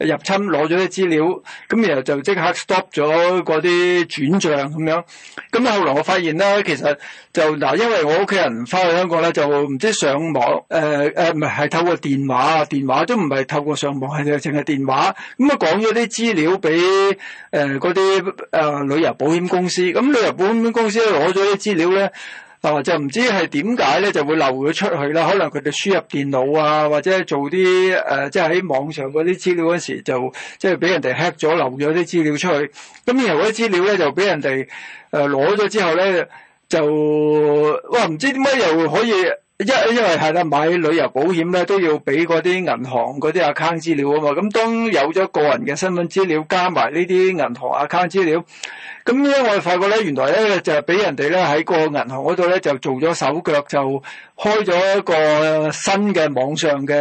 入侵攞咗啲資料，咁然後就即刻 stop 咗嗰啲轉賬咁樣。咁後來我發現咧，其實就嗱，因為我屋企人翻去香港咧，就唔知上網，誒誒，唔係係透過電話，電話都唔係透過上網，係淨係電話。咁啊，講咗啲資料俾誒嗰啲誒旅遊保險公司，咁、嗯、旅遊保險公司攞咗啲資料咧。啊、就唔知係點解咧，就會漏咗出去啦。可能佢哋輸入電腦啊，或者做啲誒，即係喺網上嗰啲資料嗰時就，就即係俾人哋 hack 咗，漏咗啲資料出去。咁然後嗰啲資料咧就俾人哋誒攞咗之後咧，就哇唔知點解又可以。因因為係啦，買旅遊保險咧都要畀嗰啲銀行嗰啲 account 資料啊嘛。咁當有咗個人嘅身份資料加埋呢啲銀行 account 資料，咁因為我發覺呢，原來呢就係俾人哋呢喺個銀行嗰度呢，就做咗手腳，就開咗一個新嘅網上嘅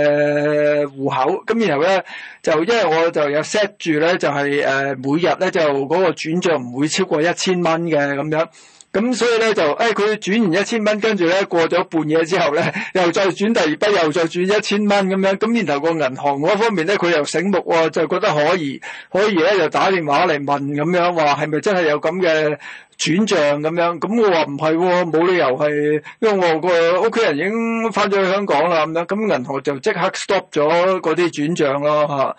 戶口。咁然後呢，就因為我就有 set 住呢，就係誒每日呢，就嗰個轉賬唔會超過一千蚊嘅咁樣。咁所以咧就，誒、哎、佢轉完一千蚊，跟住咧過咗半夜之後咧，又再轉第二筆，又再轉一千蚊咁樣。咁然後個銀行嗰方面咧，佢又醒目喎、哦，就覺得可疑，可疑咧就打電話嚟問咁樣，話係咪真係有咁嘅轉帳咁樣？咁我話唔係喎，冇理由係，因為我個屋企人已經翻咗去香港啦咁樣。咁銀行就即刻 stop 咗嗰啲轉帳咯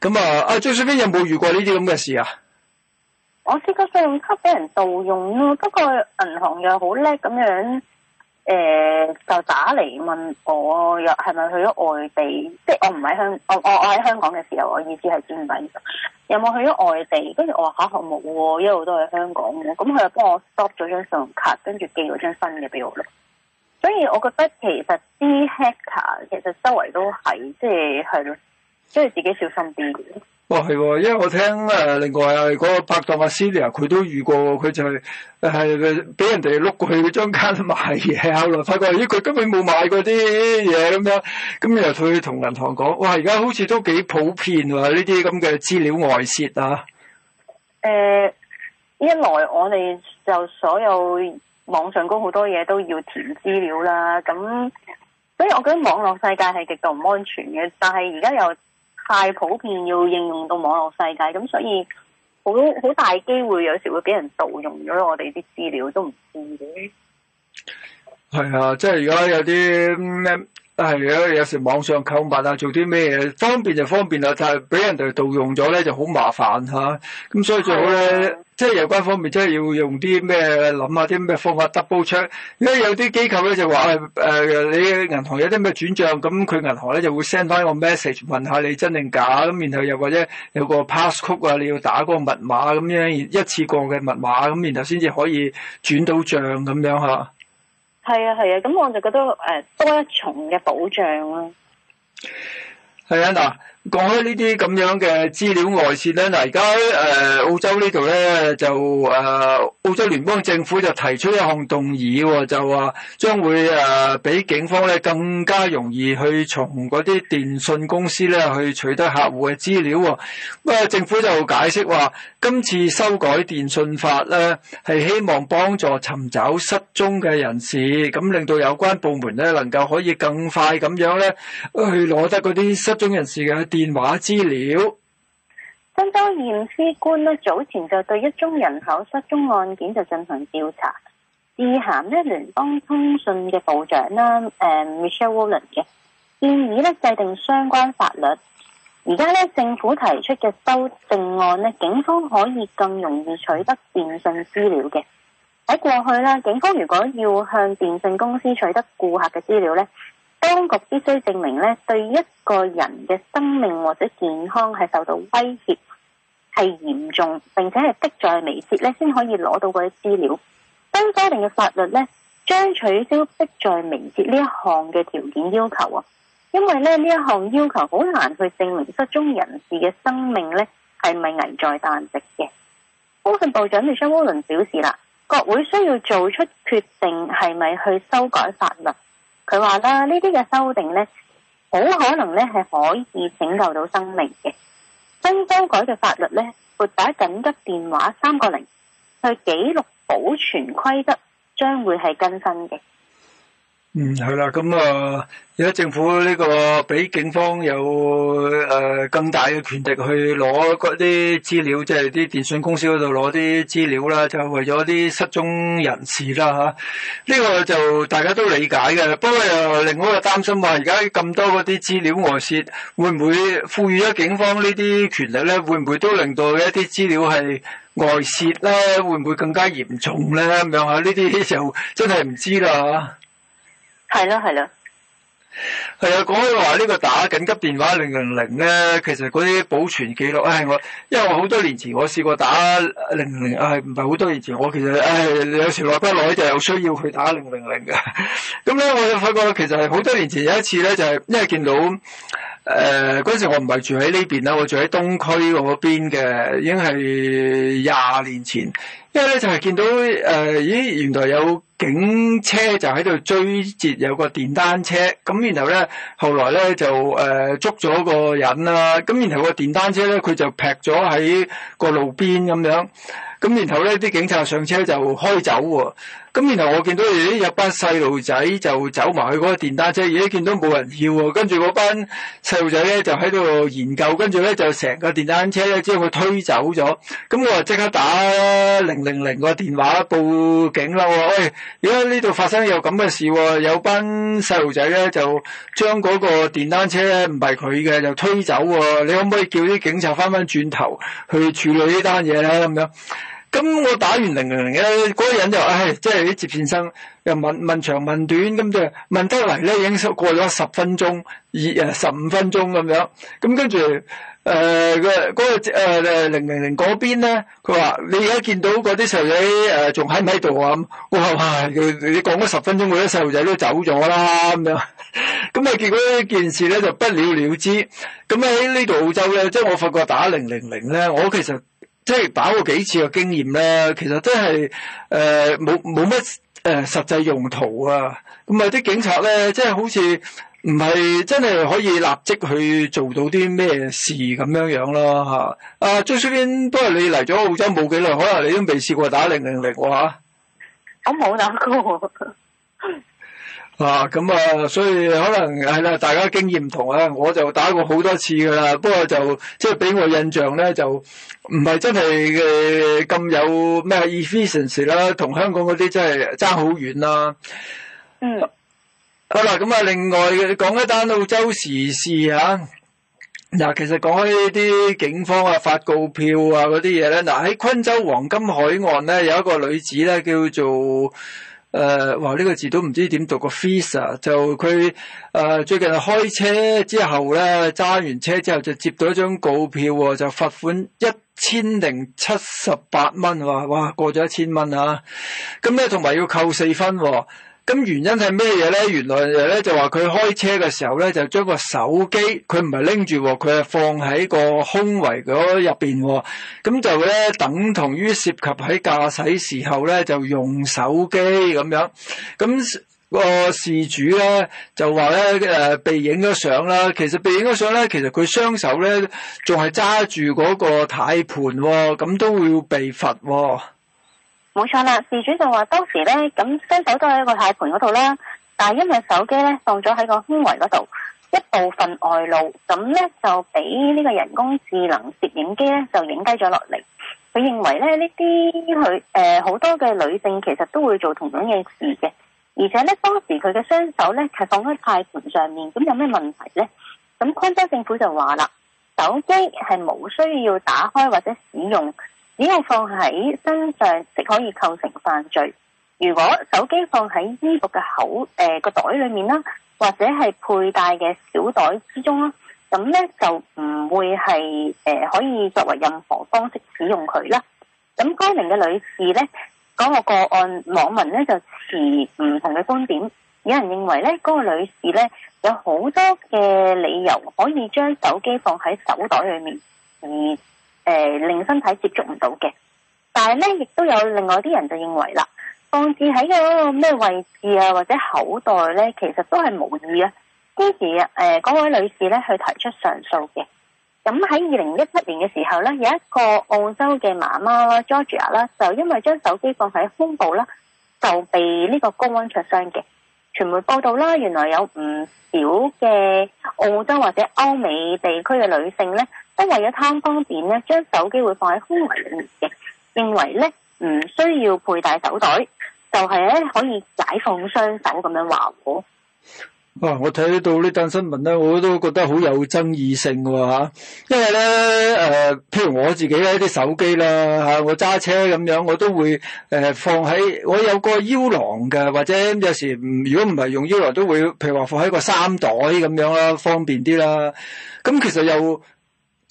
嚇。咁啊，阿張少輝有冇遇過呢啲咁嘅事啊？我試過信用卡俾人盜用咯，不過銀行又好叻咁樣，誒、欸、就打嚟問我有係咪去咗外地？即係我唔喺香，我我我喺香港嘅時候，我意思係，點解有冇去咗外地？跟住我話吓、啊、我冇喎，一路都喺香港嘅。咁佢又幫我 stop 咗張信用卡，跟住寄咗張新嘅俾我咯。所以我覺得其實啲 hacker 其實周圍都係，即係係咯，即係自己小心啲。哦，係、哦，因為我聽誒，另外嗰個拍檔阿 Sir，佢都遇過，佢就係誒係俾人哋碌過去張卡買嘢啊，後來，發覺咦，佢、哎、根本冇買過啲嘢咁樣，咁又去同銀行講，哇，而家好似都幾普遍喎，呢啲咁嘅資料外泄啊。誒、欸，一來我哋就所有網上公好多嘢都要填資料啦，咁所以我覺得網絡世界係極度唔安全嘅，但係而家又。太普遍，要應用到網絡世界，咁所以好好大機會有時會俾人盜用咗我哋啲資料，都唔知嘅。係啊，即係如果有啲咩，係啊？有時網上購物啊，做啲咩嘢，方便就方便啦，但係俾人哋盜用咗咧就好麻煩吓啊。咁所以最好咧。即係有關方面，真係要用啲咩諗下啲咩方法 double check。因為有啲機構咧就話誒，你銀行有啲咩轉賬，咁佢銀行咧就會 send 翻個 message 問下你真定假，咁然後又或者有個 passcode 啊，你要打嗰個密碼咁樣，一次過嘅密碼咁，然後先至可以轉到賬咁樣吓。係啊係啊，咁我就覺得誒多一重嘅保障啦。係啊，嗱。講開呢啲咁樣嘅資料外泄咧，嗱而家誒，澳洲呢度咧就誒澳洲聯邦政府就提出一項動議，就話將會誒俾警方咧更加容易去從嗰啲電信公司咧去取得客戶嘅資料。咁啊政府就解釋話，今次修改電信法咧，係希望幫助尋找失蹤嘅人士，咁令到有關部門咧能夠可以更快咁樣咧，去攞得嗰啲失蹤人士嘅電話資料。新州驗屍官咧早前就對一宗人口失蹤案件就進行調查，致函呢聯邦通訊嘅部長啦，誒、啊、Michelle Rowland 嘅建議咧制定相關法律。而家咧，政府提出嘅修正案咧，警方可以更容易取得電信資料嘅。喺過去咧，警方如果要向電信公司取得顧客嘅資料咧，當局必須證明咧，對一個人嘅生命或者健康係受到威脅，係嚴重並且係迫在眉睫咧，先可以攞到嗰啲資料。新規定嘅法律咧，將取消迫在眉睫呢一項嘅條件要求啊。因為咧呢一項要求好難去證明失蹤人士嘅生命咧係咪危在旦夕嘅？通訊部長李昌渦倫表示啦，國會需要做出決定係咪去修改法律。佢話啦，呢啲嘅修訂咧，好可能咧係可以拯救到生命嘅。新修改嘅法律咧，撥打緊急電話三個零，去記錄保存規則將會係更新嘅。嗯，係啦，咁啊，而家政府呢個俾警方有誒更大嘅權力去攞嗰啲資料，即係啲電信公司嗰度攞啲資料啦，就為咗啲失蹤人士啦吓。呢個就大家都理解嘅，不過又另外一個擔心話，而家咁多嗰啲資料外洩，會唔會賦予咗警方呢啲權力咧？會唔會都令到一啲資料係外洩咧？會唔會更加嚴重咧？咁樣啊？呢啲就真係唔知啦吓。係啦係啦係啊，講起話呢個打緊急電話零零零咧，其實嗰啲保存記錄咧、哎，我因為我好多年前我試過打零零零，唔係好多年前？我其實係、哎、有時耐唔耐就有需要去打零零零嘅。咁、嗯、咧，我就發覺其實係好多年前有一次咧，就係因為見到。誒嗰陣時我唔係住喺呢邊啦，我住喺東區嗰邊嘅，已經係廿年前。因為咧就係見到誒，咦、呃、原來有警車就喺度追截有個電單車，咁然後咧後來咧就誒、呃、捉咗個人啦，咁然後個電單車咧佢就劈咗喺個路邊咁樣，咁然後咧啲警察上車就開走喎。咁然後我見到有班細路仔就走埋去嗰個電單車，而家見到冇人要喎，跟住嗰班細路仔咧就喺度研究，跟住咧就成個電單車咧將佢推走咗。咁我話即刻打零零零個電話報警啦喎！喂、哎，而家呢度發生有咁嘅事喎，有班細路仔咧就將嗰個電單車咧唔係佢嘅就推走喎，你可唔可以叫啲警察翻翻轉頭去處理呢單嘢咧咁樣？咁、嗯、我打完零零零，嗰個人就唉，即係啲接線生又問,問長問短咁就問得嚟咧，已經過咗十分鐘，二誒十五分鐘咁樣。咁、嗯、跟住誒嗰個誒零零零嗰邊咧，佢話你而家見到嗰啲細路仔誒仲喺唔喺度啊？咁、呃、哇,哇，你講咗十分鐘，嗰啲細路仔都走咗啦咁樣。咁、嗯、啊、嗯嗯，結果呢件事咧就不了了之。咁喺呢度澳洲咧，即係我發覺打零零零咧，我其實。即係打過幾次嘅經驗咧，其實真係誒冇冇乜誒實際用途啊。咁啊啲警察咧，即係好似唔係真係可以立即去做到啲咩事咁樣樣咯嚇。阿張叔堅，都係你嚟咗澳洲冇幾耐，可能你都未試過打零零零喎嚇。我冇打過。啊，咁啊，所以可能係啦、啊，大家經驗唔同啊，我就打過好多次噶啦，不過就即係俾我印象咧，就唔係真係誒咁有咩 efficiency 啦，同香港嗰啲真係爭好遠啦、啊。嗯。好啦，咁啊，另外講一單澳洲時事嚇、啊。嗱、啊，其實講開呢啲警方啊發告票啊嗰啲嘢咧，嗱喺、啊、昆州黃金海岸咧有一個女子咧叫做。誒、呃，哇！呢、這個字都唔知點讀個 fisa，就佢誒、呃、最近開車之後咧，揸完車之後就接到一張告票喎、哦，就罰款一千零七十八蚊，哇！哇，過咗一千蚊啊！咁咧，同埋要扣四分、哦。咁原因係咩嘢咧？原來咧就話佢開車嘅時候咧，就將個手機佢唔係拎住，佢係放喺個胸圍嗰入邊。咁就咧等同於涉及喺駕駛時候咧就用手機咁樣。咁個事主咧就話咧誒被影咗相啦。其實被影咗相咧，其實佢雙手咧仲係揸住嗰個軚盤，咁都會被罰。冇錯啦，事主就話當時呢，咁雙手都喺個太盤嗰度啦，但係因為手機呢，放咗喺個胸圍嗰度，一部分外露，咁呢就俾呢個人工智能攝影機呢，就影低咗落嚟。佢認為咧呢啲佢誒好多嘅女性其實都會做同樣嘅事嘅，而且呢，當時佢嘅雙手呢，係放喺太盤上面，咁有咩問題呢？咁昆州政府就話啦，手機係冇需要打開或者使用，只要放喺身上，即可以構成犯罪。如果手機放喺衣服嘅口誒個、呃、袋裏面啦，或者係佩戴嘅小袋之中啦，咁呢就唔會係誒、呃、可以作為任何方式使用佢啦。咁、嗰、該、個、名嘅女士呢，講、嗰個個案網民呢，就持唔同嘅觀點，有人認為呢個、嗰個女士呢，有好多嘅理由可以將手機放喺手袋裏面而。誒、呃，令身體接觸唔到嘅，但係咧亦都有另外啲人就認為啦，放置喺個咩位置啊，或者口袋咧，其實都係無意啊。呢時誒，嗰、呃、位女士咧去提出上訴嘅。咁喺二零一七年嘅時候咧，有一個澳洲嘅媽媽啦，Georgia 啦，就因為將手機放喺胸部啦，就被呢個高溫灼傷嘅。傳媒報道啦，原來有唔少嘅澳洲或者歐美地區嘅女性咧。都為咗貪方便咧，將手機會放喺胸圍裏面嘅，認為咧唔需要佩戴手袋，就係、是、咧可以解放雙手咁樣話我。哇、啊！我睇到呢單新聞咧，我都覺得好有爭議性嘅吓，因為咧誒、呃，譬如我自己咧啲手機啦吓，我揸車咁樣，我都會誒、呃、放喺我有個腰囊嘅，或者有時唔如果唔係用腰囊，都會譬如話放喺個衫袋咁樣啦，方便啲啦。咁其實又。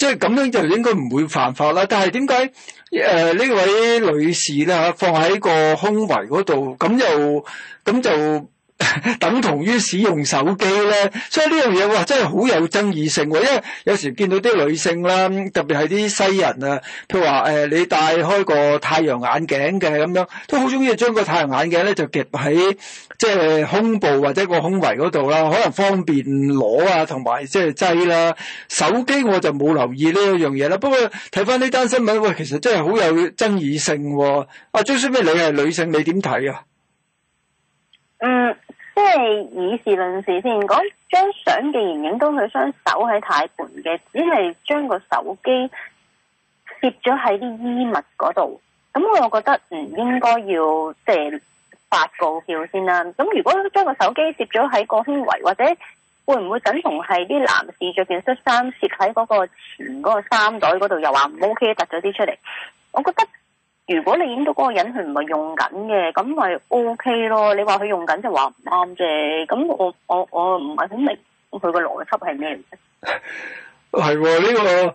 即係咁樣就應該唔會犯法啦，但係點解誒，呢位女士放喺個胸圍嗰度，咁又咁就？ 等同於使用手機咧，所以呢樣嘢哇，真係好有爭議性。因為有時見到啲女性啦，特別係啲西人啊，譬如話誒，你戴開個太陽眼鏡嘅，咁樣都好中意將個太陽眼鏡咧就夾喺即係胸部或者個胸圍嗰度啦，可能方便攞啊，同埋即係擠啦。手機我就冇留意呢樣嘢啦。不過睇翻呢單新聞，喂，其實真係好有爭議性。阿張書咩？你係女性，你點睇啊？嗯。即係以事論事先，講張相，既然影到佢雙手喺軚盤嘅，只係將個手機攝咗喺啲衣物嗰度，咁我又覺得唔應該要即係、就是、發告票先啦。咁如果將個手機攝咗喺個胸圍，或者會唔會等同係啲男士着件恤衫攝喺嗰個前嗰個衫袋嗰度，又話唔 OK 突咗啲出嚟？我覺得。如果你影到嗰個人他是用的，佢唔係用緊嘅，咁咪 O K 咯。你話佢用緊就話唔啱啫。咁我我我唔係咁明佢個邏輯係咩？係呢、這個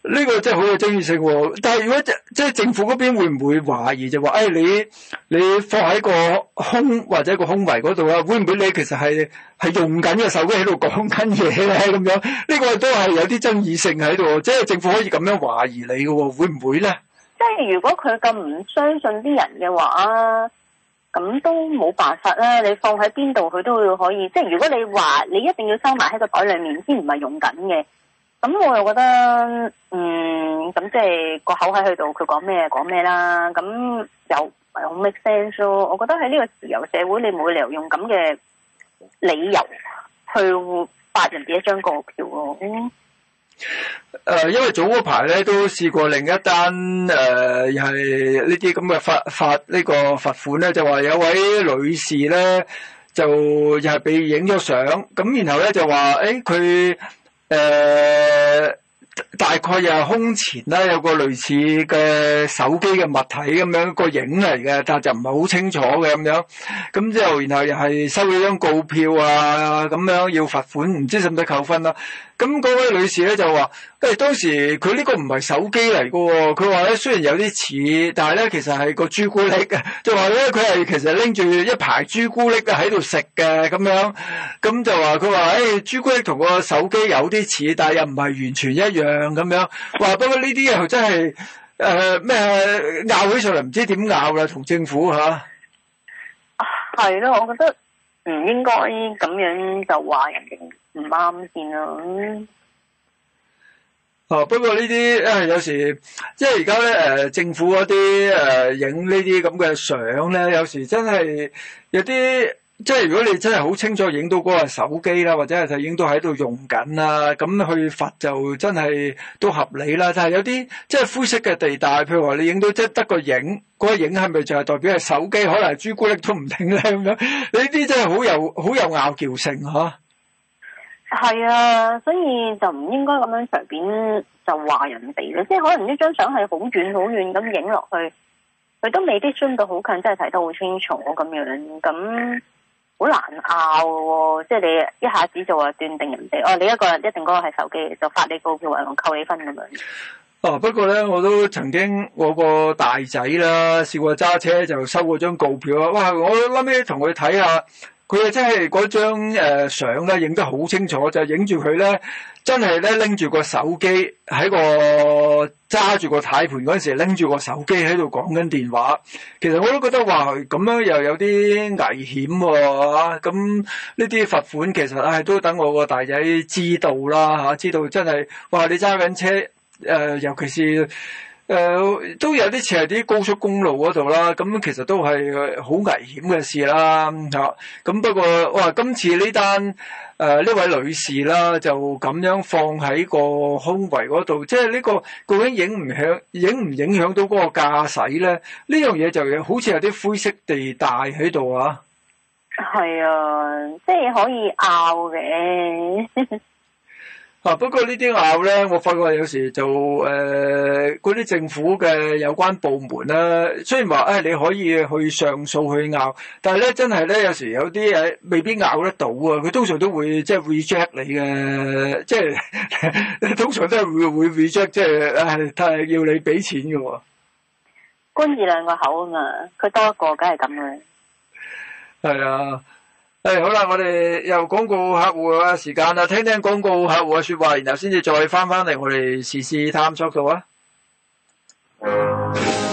呢、這個真係好有爭議性。但係如果即即、就是、政府嗰邊會唔會懷疑就話、是：，誒、哎、你你放喺個胸或者個胸位嗰度啊，會唔會你其實係係用緊嘅手機喺度講緊嘢咧？咁樣呢、這個都係有啲爭議性喺度。即、就、係、是、政府可以咁樣懷疑你嘅喎，會唔會咧？即係如果佢咁唔相信啲人嘅話，咁都冇辦法啦。你放喺邊度佢都會可以。即係如果你話你一定要收埋喺個袋裏面才不是用的，先唔係用緊嘅。咁我又覺得，嗯，咁即係個口喺佢度，佢講咩就講咩啦。咁又唔係好 make sense 咯。我覺得喺呢個自由社會，你冇理由用咁嘅理由去罰人哋一張國票咯。嗯誒、呃，因為早嗰排咧都試過另一單、呃、又係呢啲咁嘅罰罰呢、呢個罰款咧，就話有位女士咧就又係被影咗相，咁然後咧就話誒佢誒大概又係胸前咧有個類似嘅手機嘅物體咁樣一個影嚟嘅，但係就唔係好清楚嘅咁樣，咁之後然後又係收咗張告票啊咁樣要罰款，唔知使唔使扣分啦、啊？咁嗰、嗯、位女士咧就話，跟、哎、當時佢、哦、呢個唔係手機嚟喎。佢話咧雖然有啲似，但係咧其實係個朱古力㗎。就話咧佢係其實拎住一排朱古力喺度食嘅咁樣，咁、嗯、就話佢話誒朱古力同個手機有啲似，但係又唔係完全一樣咁樣。話不過呢啲又真係誒咩拗起上嚟唔知點拗啦，同政府吓。係、啊、咯，我覺得唔應該咁樣就話人哋。唔啱先哦，不過呢啲、啊、有時即係而家咧，政府嗰啲誒影呢啲咁嘅相咧，有時真係有啲，即係如果你真係好清楚影到嗰個手機啦，或者係就影到喺度用緊啦、啊、咁去罰就真係都合理啦。但係有啲即係灰色嘅地帶，譬如話你影到即係得個影，嗰、嗰個影係咪就係代表係手機？可能係朱古力都唔定咧咁樣。呢啲真係好有好有拗撬性嚇、啊。係啊，所以就唔應該咁樣隨便就話人哋嘅，即係可能呢張相係好遠好遠咁影落去，佢都未必追到好近，真係睇得好清楚咁樣，咁好難拗嘅，即係你一下子就話斷定人哋，哦、啊、你一個人一定嗰個係手機，就發你告票，我扣你分咁樣。哦、啊，不過咧，我都曾經我個大仔啦，試過揸車就收過張告票啦，哇！我後尾同佢睇下。佢啊，真係嗰張相咧，影得好清楚，就影住佢咧，真係咧拎住個手機喺個揸住個軚盤嗰陣時，拎住個手機喺度講緊電話。其實我都覺得話咁樣又有啲危險喎。咁呢啲罰款其實、啊、都等我個大仔知道啦、啊、知道真係哇，你揸緊車、呃、尤其是。誒、呃，都有啲似係啲高速公路嗰度啦，咁其實都係好危險嘅事啦吓。咁、啊、不過，哇，今次呢單誒呢、呃、位女士啦，就咁樣放喺個胸圍嗰度，即係呢、這個究竟影唔響影唔影響到嗰個駕駛咧？呢樣嘢就好似有啲灰色地帶喺度啊。係啊，即係可以拗嘅。 啊！不過這些咬呢啲拗咧，我發覺有時就誒嗰啲政府嘅有關部門咧，雖然話誒、哎、你可以去上訴去拗，但係咧真係咧有時有啲誒未必拗得到啊！佢通常都會即係 reject 你嘅，即係 通常都係會會 reject，即、就、係、是、誒太、哎、要你俾錢嘅喎。官字兩個口啊嘛，佢多一個梗係咁樣。係啊。啊誒，好啦，我哋又廣告客戶嘅時間啦，聽聽廣告客戶嘅說話，然後先至再翻翻嚟我哋時事探索下啊。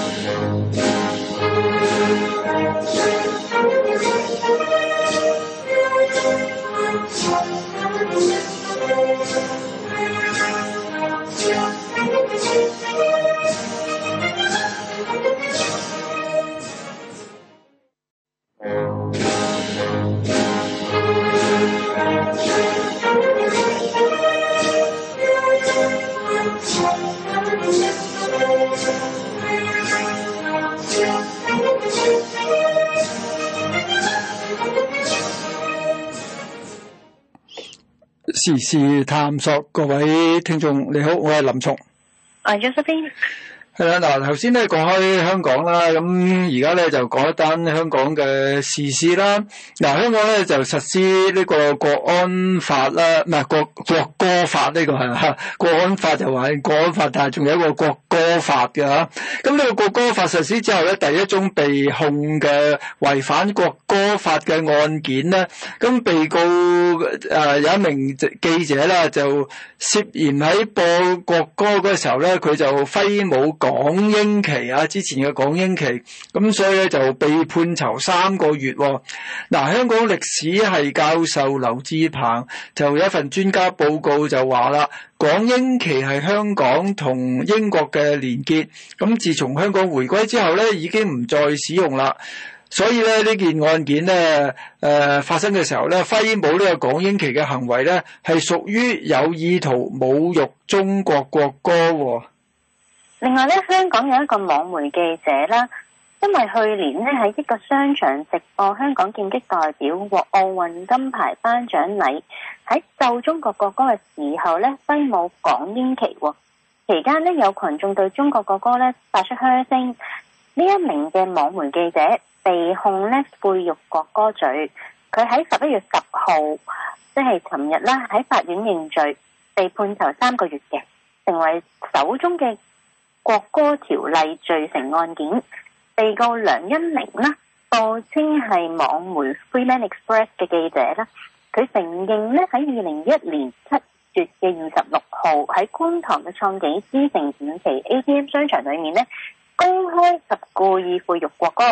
時事探索，各位聽眾你好，我係林松。係，Josephine。係啊，嗱，頭先咧講開香港啦，咁而家咧就講一單香港嘅事事啦。嗱，香港咧就實施呢個國安法啦，唔係國國歌法，呢個係啊？國安法就話國安法，但係仲有一個國歌法嘅吓。咁呢個國歌法實施之後咧，第一宗被控嘅違反國歌法嘅案件咧，咁被告誒有一名記者呢，就涉嫌喺播國歌嗰時候咧，佢就揮舞。港英旗啊，之前嘅港英旗，咁所以咧就被判囚三個月，哦。嗱，啊，香港歷史系教授劉智鵬就有一份專家報告就話啦，港英旗係香港同英國嘅連結，咁自從香港回歸之後咧，已經唔再使用啦。所以咧呢這件案件咧，誒，呃，發生嘅時候咧，揮舞呢個港英旗嘅行為咧係屬於有意圖侮辱中國國歌。哦。另外咧，香港有一個網媒記者啦，因為去年呢，喺一個商場直播香港劍擊代表獲奧運金牌頒獎禮，喺奏中國國歌嘅時候呢，揮舞港英旗，期間呢，有群眾對中國國歌呢發出噓聲。呢一名嘅網媒記者被控呢侮辱國歌罪，佢喺十一月十號，即係尋日啦喺法院認罪，被判囚三個月嘅，成為首宗嘅。國歌條例罪成案件，被告梁恩明呢，報稱係網媒 Free Man Express 嘅記者呢，佢承認呢，喺二零一年七月嘅二十六號喺觀塘嘅創紀之城五期 APM 商場裏面呢公開及故意侮辱國歌，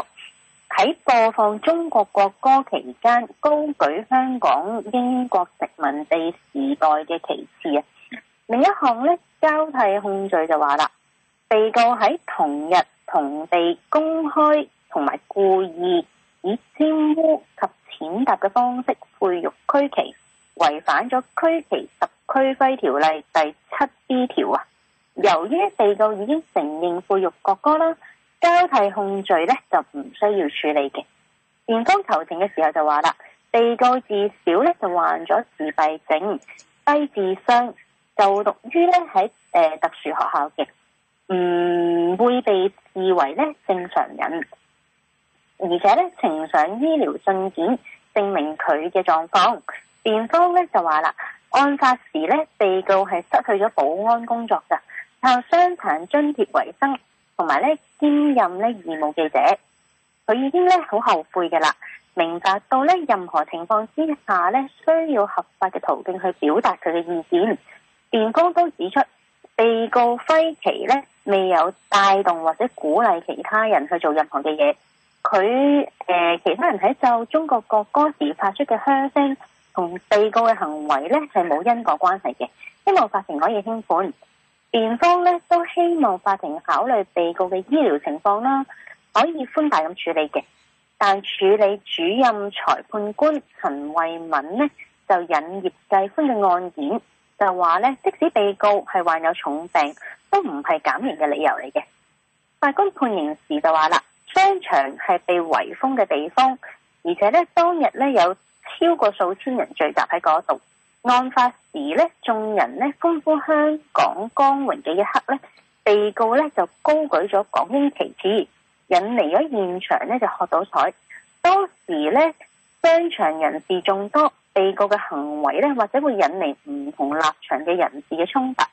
喺播放中國國歌期間高舉香港英國殖民地時代嘅旗幟啊！另一項呢，交替控罪就話啦。被告喺同日同地公開同埋故意以沾污及踐踏嘅方式侮辱區旗，違反咗區旗及區徽條例第七 B 條啊！由於被告已經承認侮辱國歌啦，交替控罪咧就唔需要處理嘅。辯方求情嘅時候就話啦，被告至少咧就患咗自閉症、低智商，就讀於咧喺誒特殊學校嘅。唔、嗯、會被視為咧正常人，而且咧呈上醫療信件證明佢嘅狀況。辯方咧就話啦，案發時咧被告係失去咗保安工作噶，靠傷殘津貼為生，同埋咧兼任咧義務記者。佢已經咧好後悔㗎喇，明白到咧任何情況之下咧需要合法嘅途徑去表達佢嘅意見。辯方都指出。被告揮旗咧未有帶動或者鼓勵其他人去做任何嘅嘢，佢誒、呃、其他人喺奏中國國歌時發出嘅噓聲，同被告嘅行為咧係冇因果關係嘅。希望法庭可以輕判。辯方咧都希望法庭考慮被告嘅醫療情況啦，可以寬大咁處理嘅。但處理主任裁判官陳慧敏呢，就引葉繼歡嘅案件。就話咧，即使被告係患有重病，都唔係減刑嘅理由嚟嘅。法官判刑時就話啦，商場係被圍封嘅地方，而且咧當日咧有超過數千人聚集喺嗰度。案發時咧，眾人咧歡呼香港光榮嘅一刻咧，被告咧就高舉咗港英旗幟，引嚟咗現場咧就喝倒彩。當時咧，商場人士眾多。被告嘅行為咧，或者會引嚟唔同立場嘅人士嘅衝突。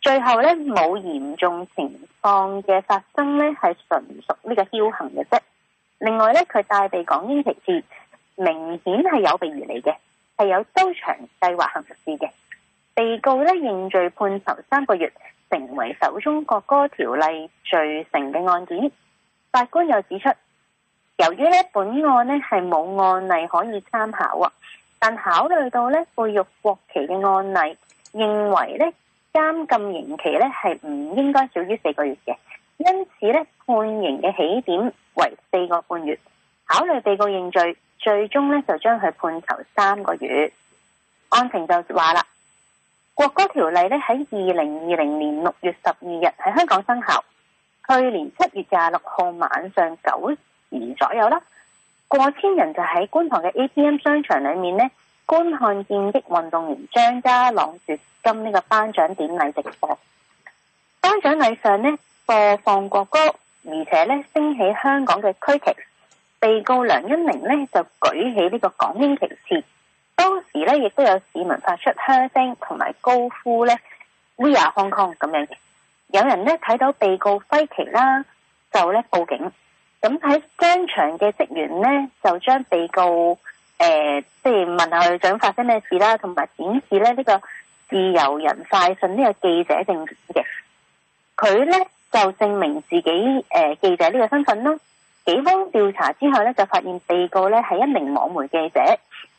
最後咧冇嚴重情況嘅發生咧，係純屬呢個僥倖嘅啫。另外咧，佢帶備港英旗幟，明顯係有備而嚟嘅，係有周詳計劃行事嘅。被告咧認罪，判囚三個月，成為首宗國歌條例罪成嘅案件。法官又指出，由於咧本案呢係冇案例可以參考啊。但考慮到咧，侮辱國旗嘅案例，認為咧監禁刑期咧係唔應該少於四個月嘅，因此咧判刑嘅起點為四個半月。考慮被告認罪，最終咧就將佢判囚三個月。案情就話啦，國歌條例咧喺二零二零年六月十二日喺香港生效。去年七月廿六號晚上九時左右啦。過千人就喺觀塘嘅 A P M 商場裏面呢，觀看劍擊運動員張家朗奪金呢個頒獎典禮直播。頒獎禮上呢，播放國歌，而且咧升起香港嘅區旗。被告梁恩明呢就舉起呢個港英旗幟。當時咧亦都有市民發出噓聲同埋高呼咧 We are Hong Kong 咁樣嘅。有人咧睇到被告揮旗啦，就咧報警。咁喺商場嘅職員呢，就將被告即係、呃、問下佢想發生咩事啦，啊，同埋展示咧呢、呢個自由人快訊呢個記者證件嘅。佢呢，就證明自己、呃、記者呢個身份啦。警方調查之後呢，就發現被告呢係一名網媒記者，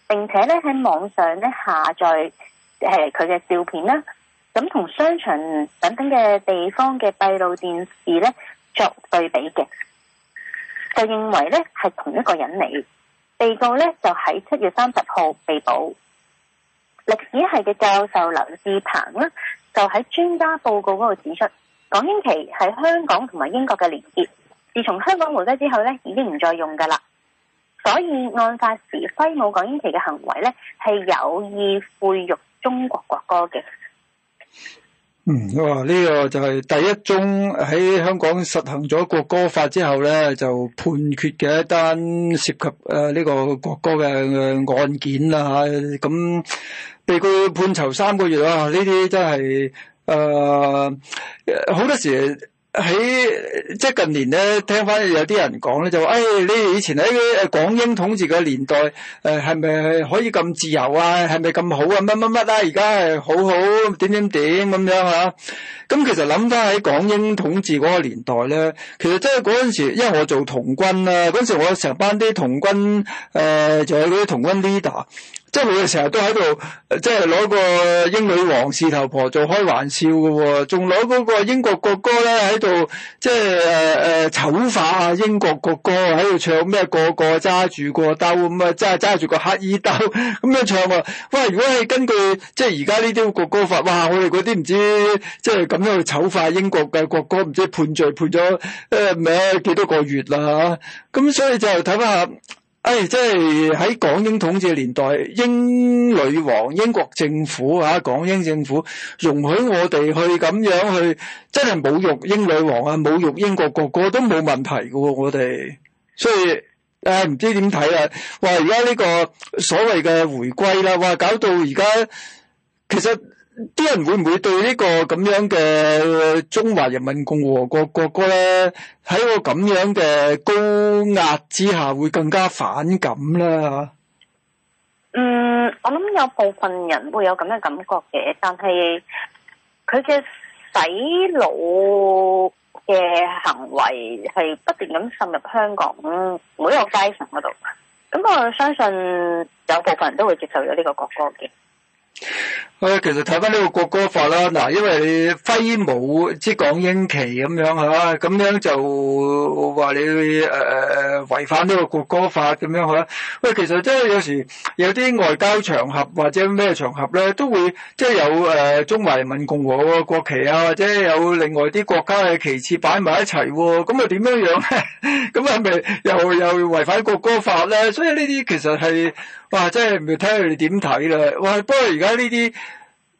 並且呢喺網上呢下載誒佢嘅照片啦。咁同商場等等嘅地方嘅閉路電視呢作對比嘅。就認為咧係同一個人嚟，被告咧就喺七月三十號被捕。歷史系嘅教授劉智鵬咧，就喺專家報告嗰度指出，港英旗係香港同埋英國嘅連結，自從香港回歸之後咧已經唔再用噶啦。所以案發時揮舞港英旗嘅行為咧係有意侮辱中國國歌嘅。嗯，哇！呢、這個就係第一宗喺香港實行咗國歌法之後咧，就判決嘅一單涉及誒呢、呃這個國歌嘅案件啦吓。咁、啊、被告判囚三個月啊！呢啲真係誒，好、呃、多時。喺即係近年咧，聽翻有啲人講咧，就話，誒，你哋以前喺港英統治嘅年代，誒，係咪可以咁自由啊？係咪咁好啊？乜乜乜啊？而家係好好點點點咁樣吓。咁其實諗翻喺港英統治嗰個年代咧，其實真係嗰陣時，因為我做童軍啦，嗰陣時我成班啲童軍，誒，就係嗰啲童軍 leader。即係你哋成日都喺度，即係攞個英女王事頭婆做開玩笑嘅喎、哦，仲攞嗰個英國國歌咧喺度，即係誒誒醜化啊英國國歌喺度唱咩，個個揸住個兜咁啊，揸住個乞衣兜咁樣唱啊！喂，如果係根據即係而家呢啲國歌法，哇！我哋嗰啲唔知即係咁樣去醜化英國嘅國歌，唔知判罪判咗誒咩幾多個月啦？咁所以就睇下。誒、哎，即係喺港英統治年代，英女王、英國政府啊港英政府容許我哋去咁樣去，真係侮辱英女王啊，侮辱英國，國，國，個個都冇問題噶，我哋，所以誒唔、啊、知點睇啦，話而家呢個所謂嘅回歸啦，話搞到而家。其實啲人會唔會對呢個咁樣嘅中華人民共和國國歌咧，喺個咁樣嘅高壓之下，會更加反感呢？嗯，我諗有部分人會有咁嘅感覺嘅，但係佢嘅洗腦嘅行為係不斷咁滲入香港每一個階層嗰度，咁我相信有部分人都會接受咗呢個國歌嘅。喂，其實睇翻呢個國歌法啦，嗱，因為你揮舞之港英旗咁樣係咪，咁樣就話你誒誒誒違反呢個國歌法咁樣係咪。喂，其實即係有時有啲外交場合或者咩場合咧，都會即係有誒中華人民共和國旗啊，或者有另外啲國家嘅旗幟擺埋一齊，咁 又點樣樣咧？咁咪又又違反國歌法咧？所以呢啲其實係。哇！即係唔要睇佢哋點睇啦。哇！不過而家呢啲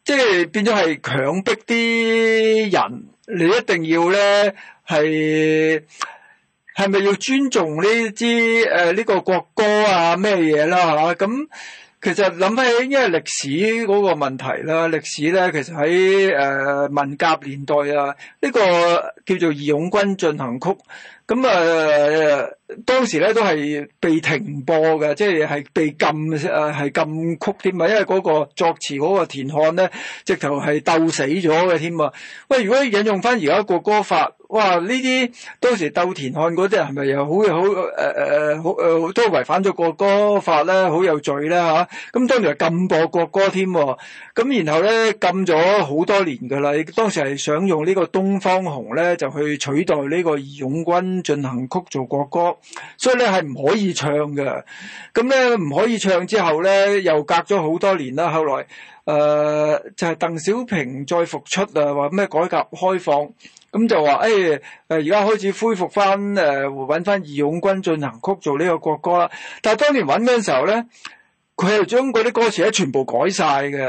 即係變咗係強迫啲人，你一定要咧，係，係咪要尊重呢啲誒，呢個國歌啊咩嘢啦嚇咁。其實諗翻起，因為歷史嗰個問題啦，歷史咧其實喺誒、呃、文革年代啊，呢、呢個叫做《義勇軍進行曲》嗯，咁、呃、啊當時咧都係被停播嘅，即係係被禁係、呃、禁曲添啊，因為嗰個作詞嗰個田漢咧，直頭係鬥死咗嘅添啊。喂，如果引用翻而家一個國歌法。哇！呢啲當時鬥田漢嗰啲人係咪又好好誒誒好誒，都違反咗國歌法咧，好有罪咧咁、啊、當然係禁播國歌添，咁然後咧禁咗好多年㗎喇。當時係想用呢個《東方紅》呢咧就去取代呢個《義勇軍進行曲》做國歌，所以咧係唔可以唱嘅。咁咧唔可以唱之後咧，又隔咗好多年啦。後來誒、呃、就係、係、鄧小平再復出啊，話咩改革開放。咁就話，誒、哎，而家開始恢復翻，誒、呃，揾翻義勇軍進行曲做呢個國歌啦。但當年揾嗰陣時候咧，佢係將嗰啲歌詞咧全部改曬嘅。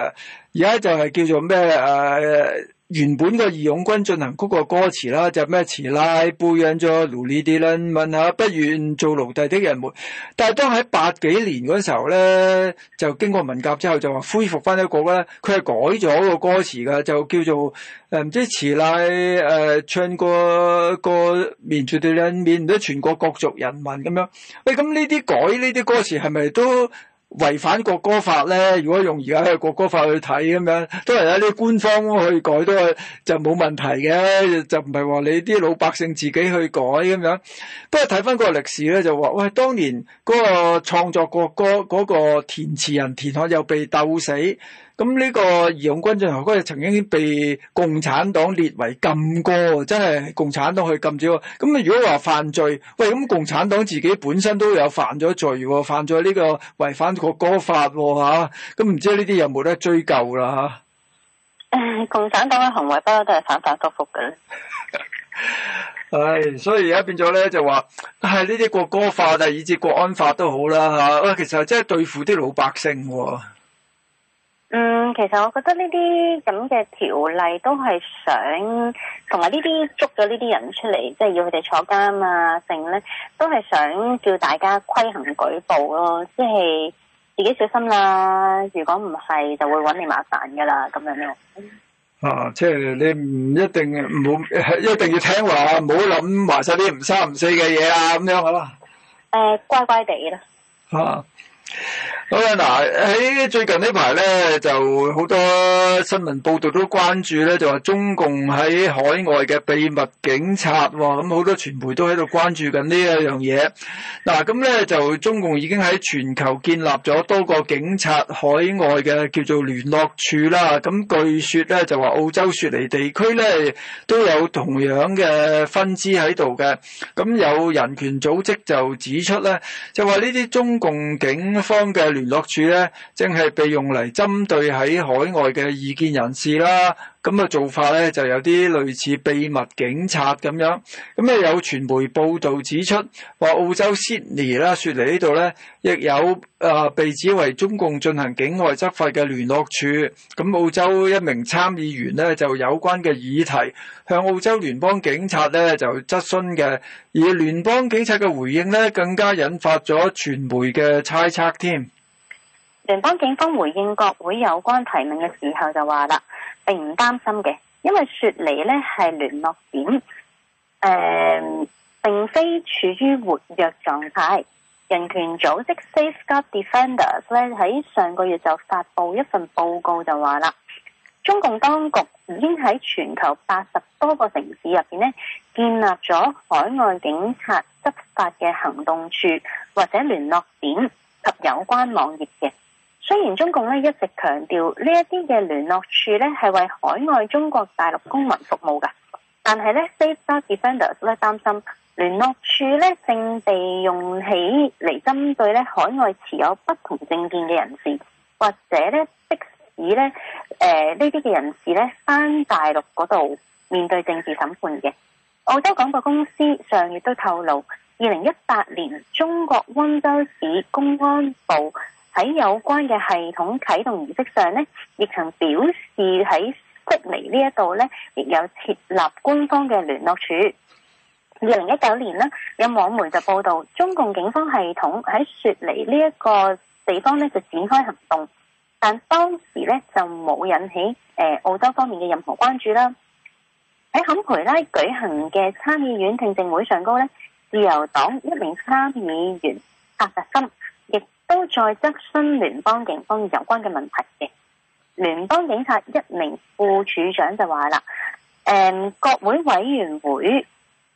而家就係叫做咩？誒、呃。原本個義勇軍進行曲個歌詞啦，就咩詞啦，背養咗奴隸啲人問下不願做奴隸的人們。但係當喺八幾年嗰陣時候咧，就經過文革之後，就話恢復翻一個咧，佢係改咗個歌詞噶，就叫做誒唔知詞啦，誒、呃、唱個個免除掉兩面，唔好全國各族人民咁樣。喂，咁呢啲改呢啲歌詞係咪都？違反國歌法咧，如果用而家嘅國歌法去睇咁樣，都係有啲官方去改都係就冇問題嘅，就唔係話你啲老百姓自己去改咁樣。不過睇翻嗰個歷史咧，就話喂，當年嗰個創作國歌嗰個填詞人田漢又被鬥死。咁呢個義勇軍進行歌，曾經被共產黨列為禁歌，真係共產黨去禁止。咁你如果話犯罪，喂咁共產黨自己本身都有犯咗罪，犯咗呢個違反國歌法吓，咁、啊、唔知呢啲有冇得追究啦吓？啊、共產黨嘅行為不嬲都係反反复复嘅？唉、 哎，所以而家變咗咧就話，係呢啲國歌法，以至國安法都好啦吓、啊。其實真係對付啲老百姓。啊嗯，其實我覺得呢啲咁嘅條例都係想同埋呢啲捉咗呢啲人出嚟，即係要佢哋坐監啊，剩咧都係想叫大家規行矩步咯，即係自己小心啦。如果唔係，就會搵你麻煩噶啦，咁樣咯。啊，即係你唔一定唔好一定要聽話，唔好諗埋晒啲唔三唔四嘅嘢啊，咁樣啊。誒、呃，乖乖地啦。啊。好啦，嗱喺最，最近呢排咧，就好多新聞報道都關注咧，就話中共喺海外嘅秘密警察，咁好多傳媒都喺度關注緊呢一樣嘢。嗱、啊，咁咧就中共已經喺全球建立咗多個警察海外嘅叫做聯絡處啦。咁據說咧就話澳洲雪梨地區咧都有同樣嘅分支喺度嘅。咁有人權組織就指出咧，就話呢啲中共警。方嘅聯絡處咧，正係被用嚟針對喺海外嘅異見人士啦。咁啊做法咧就有啲類似秘密警察咁樣，咁咧有傳媒報導指出，話澳洲悉尼啦，雪梨呢度咧亦有被指為中共進行境外執法嘅聯絡處。咁澳洲一名參議員咧就有關嘅議題，向澳洲聯邦警察咧就質詢嘅，而聯邦警察嘅回應咧更加引發咗傳媒嘅猜測添。聯邦警方回應國會有關提名嘅時候就話啦。並唔擔心嘅，因為雪梨咧係聯絡點，誒、呃，並非處於活躍狀態。人權組織 Safe Guard Defenders 咧喺上個月就發佈一份報告，就話啦，中共當局已經喺全球八十多個城市入邊咧建立咗海外警察執法嘅行動處或者聯絡點及有關網頁嘅。雖然中共咧一直強調呢一啲嘅聯絡處咧係為海外中國大陸公民服務嘅，但係咧，Safeguard Defenders 擔心聯絡處咧正被用起嚟針對咧海外持有不同政見嘅人士，或者咧即使咧誒呢啲嘅人士咧返大陸嗰度面對政治審判嘅。澳洲廣播公司上月都透露，二零一八年中國溫州市公安部。喺有關嘅系統啟動儀式上呢，亦曾表示喺悉尼呢一度呢，亦有設立官方嘅聯絡處。二零一九年呢，有網媒就報道中共警方系統喺雪梨呢一個地方呢就展開行動，但當時呢就冇引起誒、呃、澳洲方面嘅任何關注啦。喺坎培拉舉行嘅參議院聽證會上高，呢自由黨一名參議員帕特森。啊啊都在質詢聯邦警方有關嘅問題嘅，聯邦警察一名副處長就話啦：，誒，國會委員會，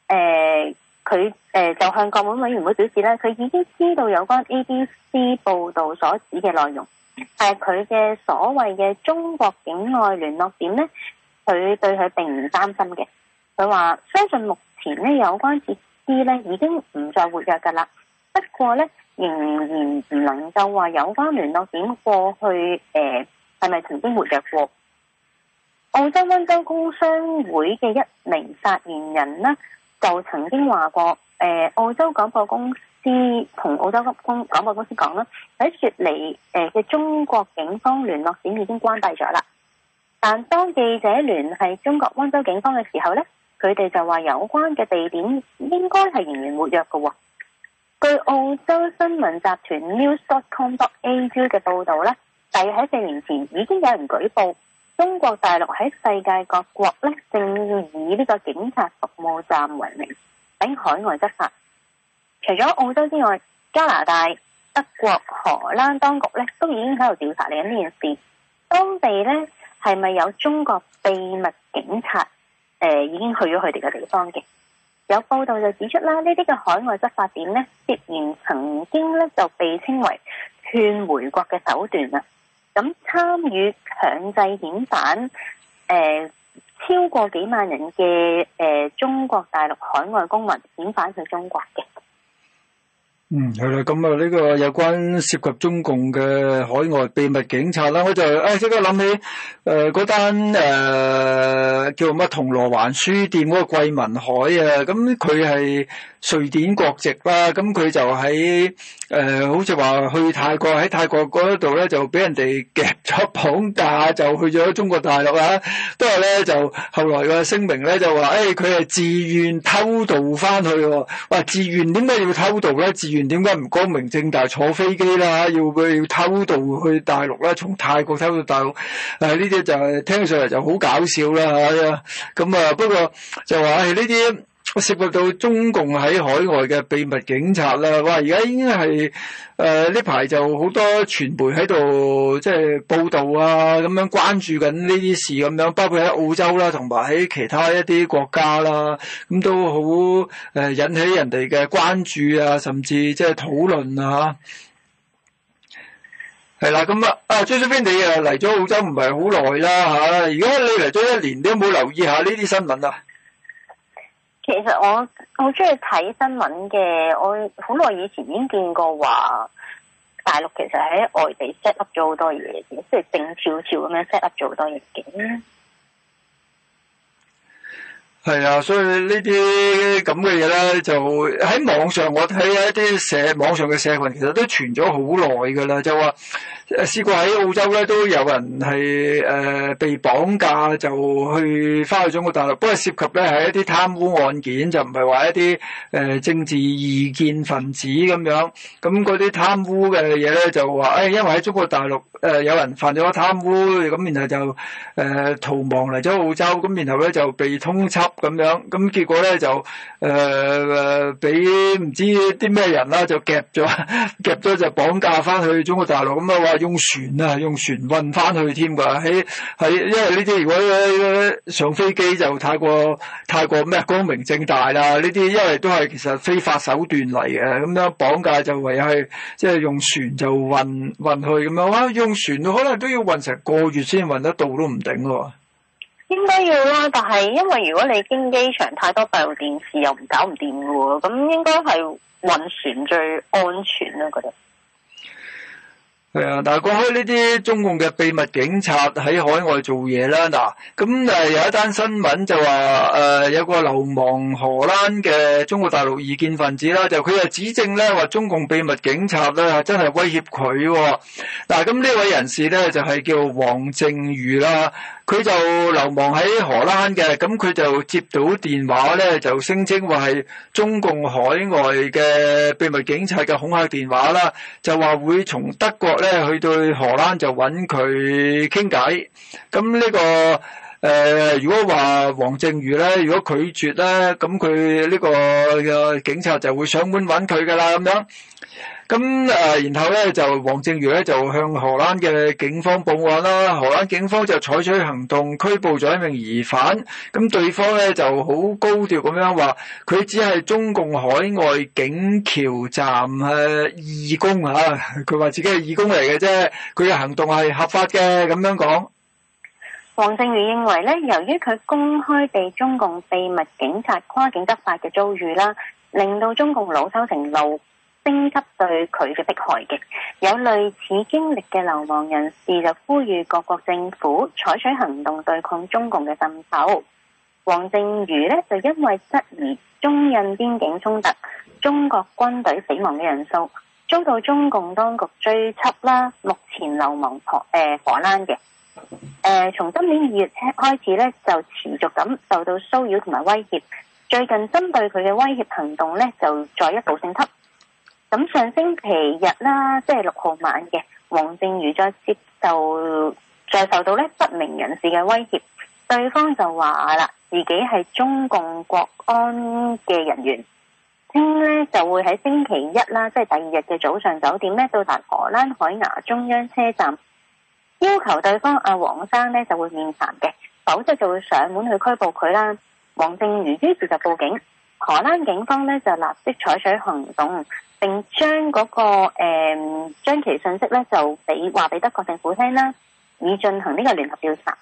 誒，佢誒就向國會委員會表示咧，佢已經知道有關 ABC 報道所指嘅內容，但係佢嘅所謂嘅中國境外聯絡點咧，佢對佢並唔擔心嘅。佢話相信目前咧有關設施咧已經唔再活躍噶啦。不過咧，仍然唔能夠話有關聯絡點過去，誒係咪曾經活躍過？澳洲溫州工商會嘅一名發言人呢，就曾經話過：，誒、呃，澳洲廣播公司同澳洲急公廣播公司講啦，喺雪梨誒嘅中國警方聯絡點已經關閉咗啦。但當記者聯繫中國溫州警方嘅時候咧，佢哋就話有關嘅地點應該係仍然活躍嘅喎。據澳洲新聞集團 news.com.au 嘅報道咧，大約喺四年前已經有人舉報中國大陸喺世界各國咧，正要以呢個警察服務站為名喺海外執法。除咗澳洲之外，加拿大、德國、荷蘭當局咧都已經喺度調查你緊呢件事。當地咧係咪有中國秘密警察？誒，已經去咗佢哋嘅地方嘅？有報道就指出啦，呢啲嘅海外執法點呢，必然曾經咧就被稱為勸回國嘅手段啦，咁參與強制遣返，呃，超過幾萬人嘅，呃，中國大陸海外公民遣返去中國嘅。嗯，係啦，咁啊呢個有關涉及中共嘅海外秘密警察啦，我就誒即、哎、刻諗起誒嗰、呃、單誒、呃、叫乜銅鑼灣書店嗰個桂民海啊，咁佢係。瑞典國籍啦、啊，咁佢就喺誒、呃，好似話去泰國喺泰國嗰度咧，就俾人哋夾咗綁架，就去咗中國大陸啊！都係咧，就後來嘅聲明咧，就話誒，佢、哎、係自願偷渡翻去喎、啊。話自願點解要偷渡咧？自願點解唔光明正大坐飛機啦、啊？要佢要偷渡去大陸啦、啊、從泰國偷到大陸、啊。誒、就是，呢啲就聽上嚟就好搞笑啦、啊、嚇！咁啊，啊，不過就話誒呢啲。哎我涉及到中共喺海外嘅秘密警察啦，哇！而家已經係誒呢排就好多傳媒喺度即係報道啊，咁樣關注緊呢啲事咁樣，包括喺澳洲啦，同埋喺其他一啲國家啦，咁都好誒引起人哋嘅關注啊，甚至即係討論啊，吓係啦。咁啊，啊 Jason 你啊，嚟咗澳洲唔係好耐啦吓，如果你嚟咗一年，你有冇留意下呢啲新聞啊？其實我我中意睇新聞嘅，我好耐以前已經見過話，大陸其實喺外地 set up 咗好多嘢嘅，即係靜悄悄咁樣 set up 咗好多嘢嘅。係啊，所以這些這樣的東西呢啲咁嘅嘢咧，就喺網上我睇一啲社網上嘅社群，其實都傳咗好耐㗎啦。就話試過喺澳洲咧都有人係誒、呃、被綁架，就去翻去中國大陸。不過涉及咧係一啲貪污案件，就唔係話一啲誒、呃、政治異見分子咁樣。咁嗰啲貪污嘅嘢咧，就話誒、哎，因為喺中國大陸。誒、呃、有人犯咗個貪污，咁然後就誒、呃、逃亡嚟咗澳洲，咁然後咧就被通緝咁樣，咁結果咧就誒誒俾唔知啲咩人啦就夾咗，夾咗就綁架翻去中國大陸咁啊，話用船啊，用船運翻去添㗎，喺係因為呢啲如果上飛機就太過太過咩光明正大啦，呢啲因為都係其實非法手段嚟嘅，咁樣綁架就唯有係即係用船就運運去咁樣啊。船可能都要運成個月先運得到都唔頂喎，應該要啦。但係因為如果你經機場太多，閉路電視又唔搞唔掂噶喎，咁應該係運船最安全啦，覺得。係啊，嗱，過去呢啲中共嘅秘密警察喺海外做嘢啦，嗱，咁誒有一單新聞就話誒有個流亡荷蘭嘅中國大陸異見分子啦，就佢又指證咧話中共秘密警察咧真係威脅佢，嗱，咁呢位人士咧就係叫王靖渝啦。佢就流亡喺荷蘭嘅，咁佢就接到電話咧，就聲稱話係中共海外嘅秘密警察嘅恐嚇電話啦，就話會從德國咧去到荷蘭就揾佢傾偈，咁呢個。誒、呃，如果話王靖渝咧，如果拒絕咧，咁佢呢個警察就會上門揾佢㗎喇咁樣。咁誒，然後咧就王靖渝咧就向荷蘭嘅警方報案啦。荷蘭警方就採取行動拘捕咗一名疑犯。咁對方咧就好高調咁樣話，佢只係中共海外警僑站嘅、啊、義工嚇、啊，佢話自己係義工嚟嘅啫，佢嘅行動係合法嘅咁樣講。黃靖宇認為咧，由於佢公開被中共秘密警察跨境執法嘅遭遇啦，令到中共惱羞成怒，升級對佢嘅迫害嘅。有類似經歷嘅流亡人士就呼籲各國政府採取行動對抗中共嘅滲透。黃靖宇咧就因為質疑中印邊境衝突中國軍隊死亡嘅人數，遭到中共當局追緝啦。目前流亡、呃、火誒荷蘭嘅。誒，從、呃、今年二月開始咧，就持續咁受到騷擾同埋威脅。最近針對佢嘅威脅行動咧，就再一度升級。咁上星期日啦，即係六號晚嘅，黃靜瑜再接受再受到咧不明人士嘅威脅，對方就話啦，自己係中共國安嘅人員，聽咧就會喺星期一啦，即係第二日嘅早上九點，咧到達荷蘭海牙中央車站。要求對方阿黃生咧就會面談嘅，否則就會上門去拘捕佢啦。黃靜如於是就報警，荷蘭警方咧就立即採取行動，並將嗰、那個誒將、嗯、其信息咧就俾話俾德國政府聽啦，以進行呢個聯合調查。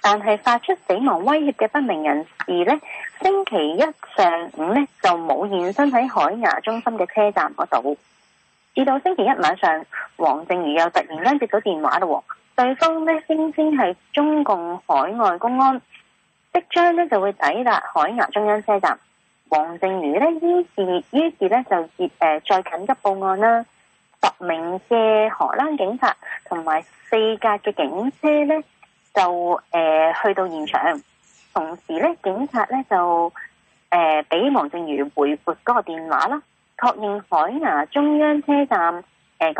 但係發出死亡威脅嘅不明人士咧，星期一上午咧就冇現身喺海牙中心嘅車站嗰度，至到星期一晚上，黃靜如又突然間接到電話咯。對方咧聲稱係中共海外公安，即將咧就會抵達海牙中央車站。王正宇咧於是於是咧就接誒、呃、再緊急報案啦。十名嘅荷蘭警察同埋四架嘅警車咧就誒、呃、去到現場，同時咧警察咧就誒俾、呃、王正宇回撥嗰個電話啦，確認海牙中央車站。誒，嗰、呃那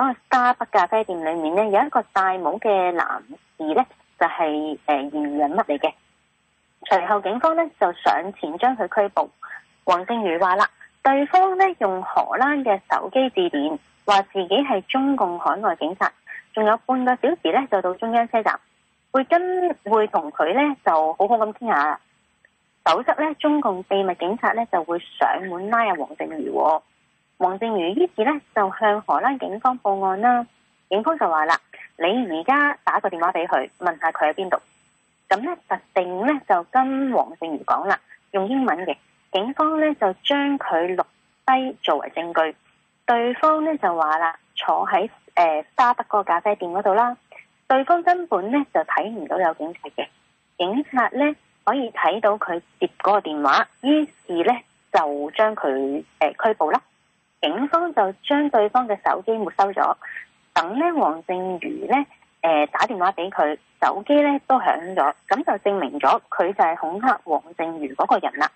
個 Starbucks 咖啡店裏面咧，有一個戴帽嘅男士咧，就係誒嫌疑人乜嚟嘅。隨後警方咧就上前將佢拘捕。黃靜瑜話啦，對方咧用荷蘭嘅手機致電，話自己係中共海外警察，仲有半個小時咧就到中央車站，會跟會同佢咧就好好咁傾下。否則咧，中共秘密警察咧就會上門拉阿黃靜瑜喎。黃靜如於是咧就向荷蘭警方報案啦，警方就話啦：你而家打個電話俾佢，問下佢喺邊度。咁咧，特定咧就跟黃靜如講啦，用英文嘅。警方咧就將佢錄低作為證據。對方咧就話啦：坐喺誒、呃、沙德嗰個咖啡店嗰度啦。對方根本咧就睇唔到有警察嘅。警察咧可以睇到佢接嗰個電話，於是咧就將佢誒拘捕啦。警方就將對方嘅手機沒收咗，等咧王靖渝咧誒打電話俾佢，手機咧都響咗，咁就證明咗佢就係恐嚇王靖渝嗰個人啦。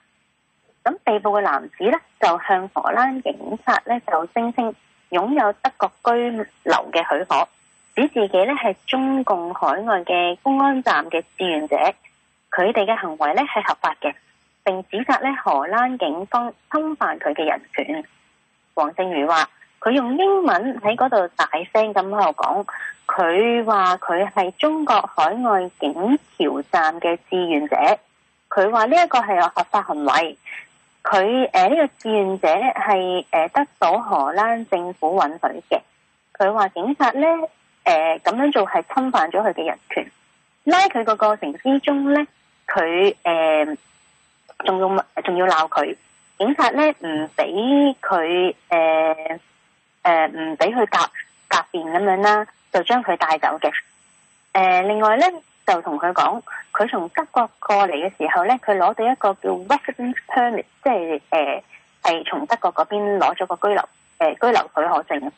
咁被捕嘅男子咧就向荷蘭警察咧就聲稱擁有德國居留嘅許可，指自己咧係中共海外嘅公安站嘅志願者，佢哋嘅行為咧係合法嘅，並指責咧荷蘭警方侵犯佢嘅人權。黃靖宇話：佢用英文喺嗰度大聲咁喺度講，佢話佢係中國海外警僑站嘅志願者，佢話呢一個係有合法行為。佢誒呢個志願者係誒得到荷蘭政府允許嘅。佢話警察咧誒咁樣做係侵犯咗佢嘅人權。拉佢個過程之中咧，佢誒仲要仲要鬧佢。警察咧唔俾佢誒唔俾佢隔隔便咁樣啦，就將佢帶走嘅。誒、呃、另外咧就同佢講，佢從德國過嚟嘅時候咧，佢攞到一個叫 Residence Permit，即係誒係從德國嗰邊攞咗個居留誒、呃、居留許可證。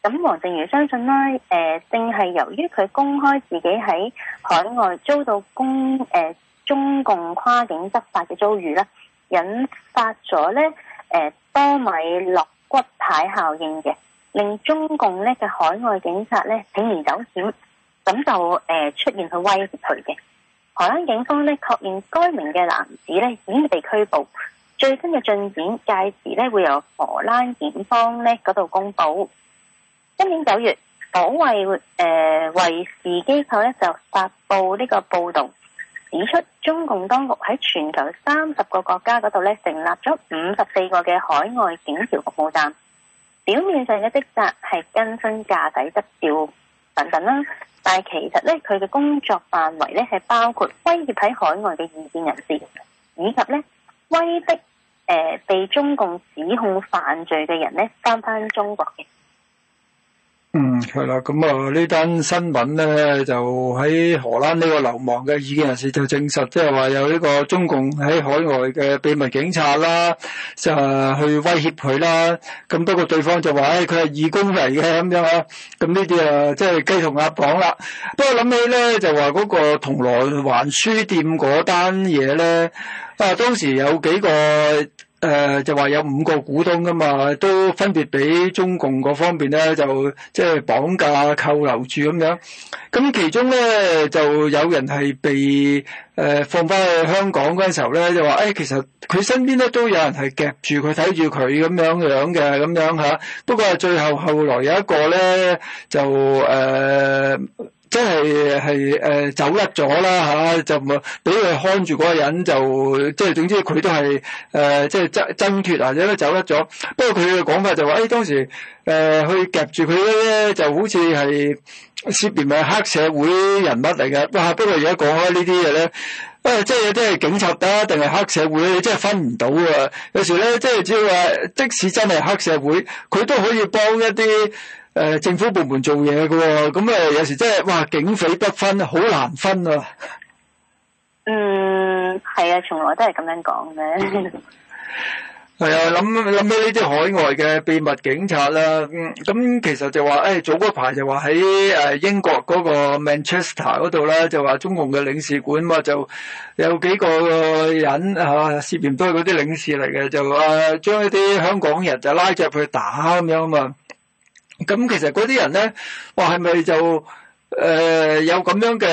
咁黃靜茹相信啦，誒、呃，正係由於佢公開自己喺海外遭到公誒、呃、中共跨境執法嘅遭遇啦。引發咗咧，誒、呃、多米落骨牌效應嘅，令中共咧嘅海外警察咧鋌而走險，咁就誒、呃、出現去威脅佢嘅。荷蘭警方咧確認該名嘅男子咧已經被拘捕，最新嘅進展屆時咧會由荷蘭警方咧嗰度公布。今年九月，保衛誒衛士機構咧就發布呢個報道。指出中共當局喺全球三十個國家嗰度咧，成立咗五十四個嘅海外警僑服務站。表面上嘅職責係更新駕駛執照等等啦，但係其實咧，佢嘅工作範圍咧係包括威脅喺海外嘅異見人士，以及咧威逼誒被中共指控犯罪嘅人咧翻翻中國嘅。嗯，係啦，咁啊呢單新聞咧，就喺荷蘭呢個流亡嘅意見人士就證實，即係話有呢個中共喺海外嘅秘密警察啦，就去威脅佢啦。咁不過對方就話唉，佢係義工嚟嘅咁樣啊。咁呢啲啊，即係雞同鴨講啦。不過諗起咧，就話嗰個銅鑼灣書店嗰單嘢咧，啊當時有幾個。誒、呃、就話有五個股東㗎嘛，都分別俾中共嗰方面咧，就即係、就是、綁架扣留住咁樣。咁其中咧就有人係被、呃、放翻去香港嗰陣時候咧，就話誒、哎、其實佢身邊咧都有人係夾住佢睇住佢咁樣樣嘅咁樣嚇。不過係最後後來有一個咧就誒。呃真係係、呃、走甩咗啦嚇，就唔俾佢看住嗰個人就，就即、是、係總之佢都係誒即係爭爭脫或者都走甩咗。不過佢嘅講法就話，誒、哎、當時誒、呃、去夾住佢咧，就好似係涉嫌係黑社會人物嚟嘅。不過不過而家講開呢啲嘢咧，即係有啲係警察得、啊，定係黑社會，你真係分唔到啊！有時咧，即係只要話，即使真係黑社會，佢都可以幫一啲。誒，政府部門做嘢㗎喎，咁誒有時真係哇，警匪不分，好難分啊！嗯，係啊，從來都係咁樣講嘅。係啊，諗諗起呢啲海外嘅秘密警察啦，咁其實就話誒，早嗰排就話喺誒英國嗰個 Manchester 嗰度啦，就話中共嘅領事館嘛，就有幾個人啊涉嫌都係嗰啲領事嚟嘅，就誒將一啲香港人就拉咗入去打咁樣啊嘛。咁其實嗰啲人咧，話係咪就誒、呃、有咁樣嘅，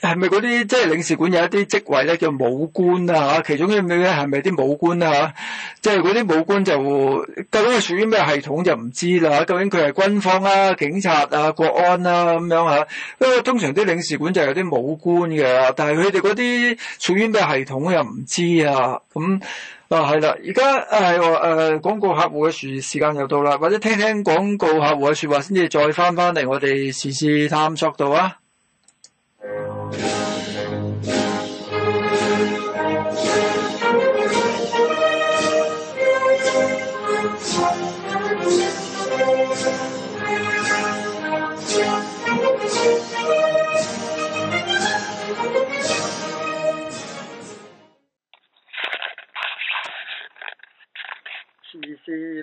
係咪嗰啲即係領事館有一啲職位咧叫武官呀、啊？其中啲嘢咧係咪啲武官呀、啊？即係嗰啲武官就究竟係屬於咩系統就唔知啦，究竟佢係軍方呀、啊、警察啊、國安呀、啊，咁樣嚇、啊。不過通常啲領事館就有啲武官嘅，但係佢哋嗰啲屬於咩系統又唔知啊咁。嗯啊，係啦，而家啊係誒，呃，廣告客戶嘅時時間又到啦，或者聽聽廣告客戶嘅說話先至再翻翻嚟我哋時事探索度啊。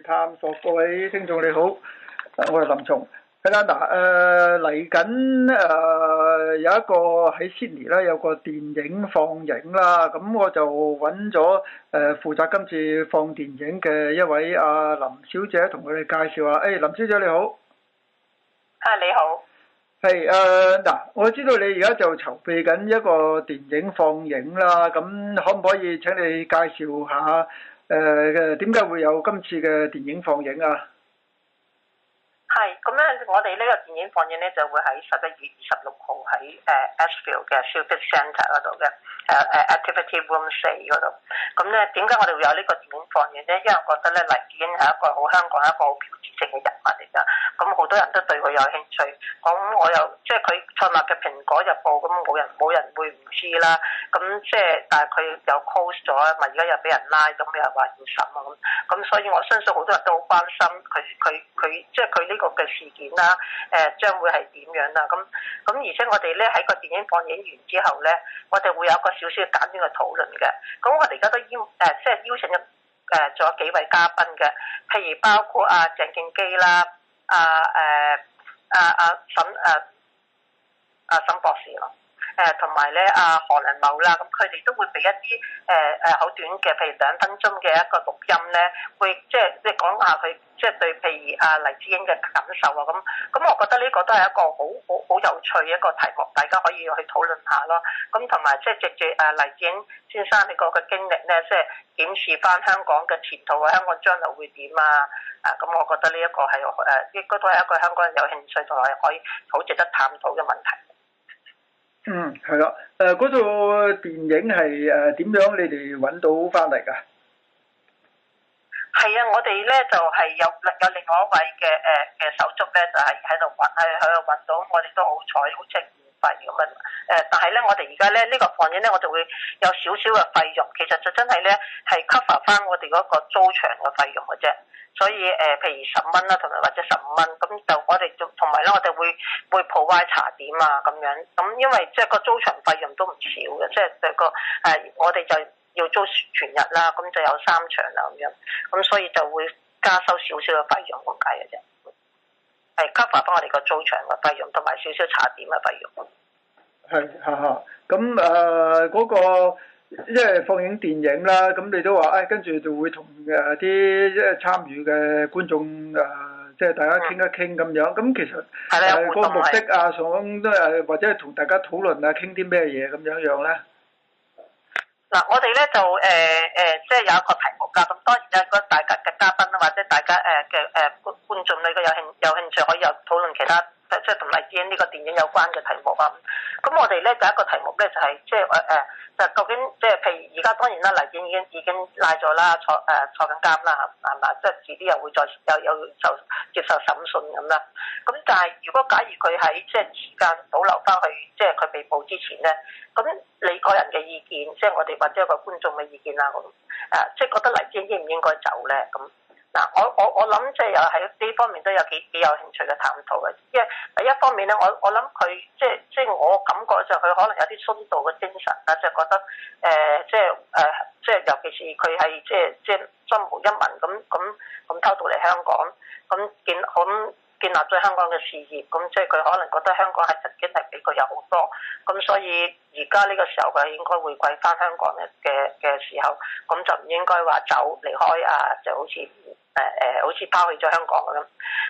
探索各位聽眾你好，我係林松。咁啦，嗱，誒，嚟緊誒有一個喺悉尼咧有個電影放映啦，咁我就揾咗誒負責今次放電影嘅一位阿林小姐同佢哋介紹下。誒，林小姐你好，啊你好，係誒嗱，我知道你而家就籌備緊一個電影放映啦，咁可唔可以請你介紹下？誒嘅點解會有今次嘅電影放映啊？係，咁咧我哋呢個電影放映咧就會喺十一月十六號喺誒、呃、Ashfield 嘅 Service Centre 嗰度嘅、呃、Activity Room 四嗰度。咁咧點解我哋會有呢個電影放映咧？因為我覺得咧黎智英係一個好香港一個好標誌性嘅人物嚟㗎。咁好多人都對佢有興趣。咁我又即係佢創立嘅蘋果日報，咁冇人冇人會唔知啦。咁即係但係佢又 close 咗，咪而家又俾人拉，咁又話要審啊咁。咁所以我相信好多人都好關心佢佢佢，即係佢呢個嘅事件啦，誒將會係點樣啦？咁咁而且我哋咧喺個電影放映完之後咧，我哋會有一個少少簡短嘅討論嘅。咁我哋而家都邀誒，即、呃、係邀請咗誒仲有幾位嘉賓嘅，譬如包括阿、啊、鄭敬基啦，阿誒誒誒沈誒阿、啊、沈博士咯。誒同埋咧，阿何良謀啦，咁佢哋都會俾一啲誒好短嘅，譬如兩分鐘嘅一個錄音咧，會即係即係講下佢即係對譬如啊黎智英嘅感受啊咁。咁我覺得呢個都係一個好好好有趣嘅一個題目，大家可以去討論下咯。咁同埋即係直接阿黎智英先生呢個嘅經歷咧，即係顯示翻香港嘅前途啊，香港將來會點啊？啊咁，我覺得呢一個係應該都係一個香港人有興趣同埋可以好值得探討嘅問題。嗯，係啦，誒、呃，嗰套電影係誒點樣你們找到回來的？你哋揾到翻嚟噶？係啊，我哋咧就係、是、有另有另外一位嘅誒嘅手足咧，就係喺度揾喺度揾到，我哋都好彩，好似唔費咁樣。誒、呃，但係咧，我哋而家咧呢、這個放映咧，我就會有少少嘅費用。其實就真係咧係 cover 翻我哋嗰個租場嘅費用嘅啫。所以誒、呃，譬如十蚊啦，同埋或者十五蚊，咁就我哋同埋咧，我哋會會 provide 茶點啊咁樣。咁因為即係個租場費用都唔少嘅，即、就、係、嗰個誒、呃，我哋就要租全日啦，咁就有三場啦咁樣。咁所以就會加收少少嘅費用咁解嘅啫。係 cover 翻我哋個租場嘅費用，同埋少少茶點嘅費用。係，嚇嚇。咁誒嗰個。即係放映電影啦，咁你都話誒、哎，跟住就會同誒啲即係參與嘅觀眾誒，即、呃、係大家傾一傾咁樣。咁、嗯、其實誒個目的啊，想誒的或者係同大家討論啊，傾啲咩嘢咁樣樣咧？嗱、嗯，我哋咧就誒誒，即、呃、係、呃就是、有一個題目啦。咁當然咧，大家嘅嘅嘉賓啊，或者大家誒嘅誒觀觀眾你佢有興有興趣可以又討論其他，即係即係同黎智英呢個電影有關嘅題目啊。咁我哋咧就一個題目咧就係即係誒誒。呃就究竟即係譬如而家當然啦，黎智英已經已經拉咗啦，坐誒、呃、坐緊監啦，係嘛？即係遲啲又會再又又受接受審訊咁啦。咁但係如果假如佢喺即係時間保留翻去，即係佢被捕之前咧，咁你個人嘅意見，即係我哋或者個觀眾嘅意見啦，誒，即係覺得黎智英應唔應該走咧咁？嗱，我我我諗即係又喺呢方面都有幾幾有興趣嘅探討嘅，因為第一方面咧，我我諗佢即係即係我感覺就佢可能有啲深度嘅精神啦、就係呃，即係覺得誒即係誒即係尤其是佢係即係即係身無一文咁咁咁偷渡嚟香港，咁建咁建立咗香港嘅事業，咁即係佢可能覺得香港係曾經係畀佢有好多，咁所以而家呢個時候佢應該回歸翻香港嘅嘅嘅時候，咁就唔應該話走離開啊，就好似～誒誒、呃，好似拋棄咗香港咁，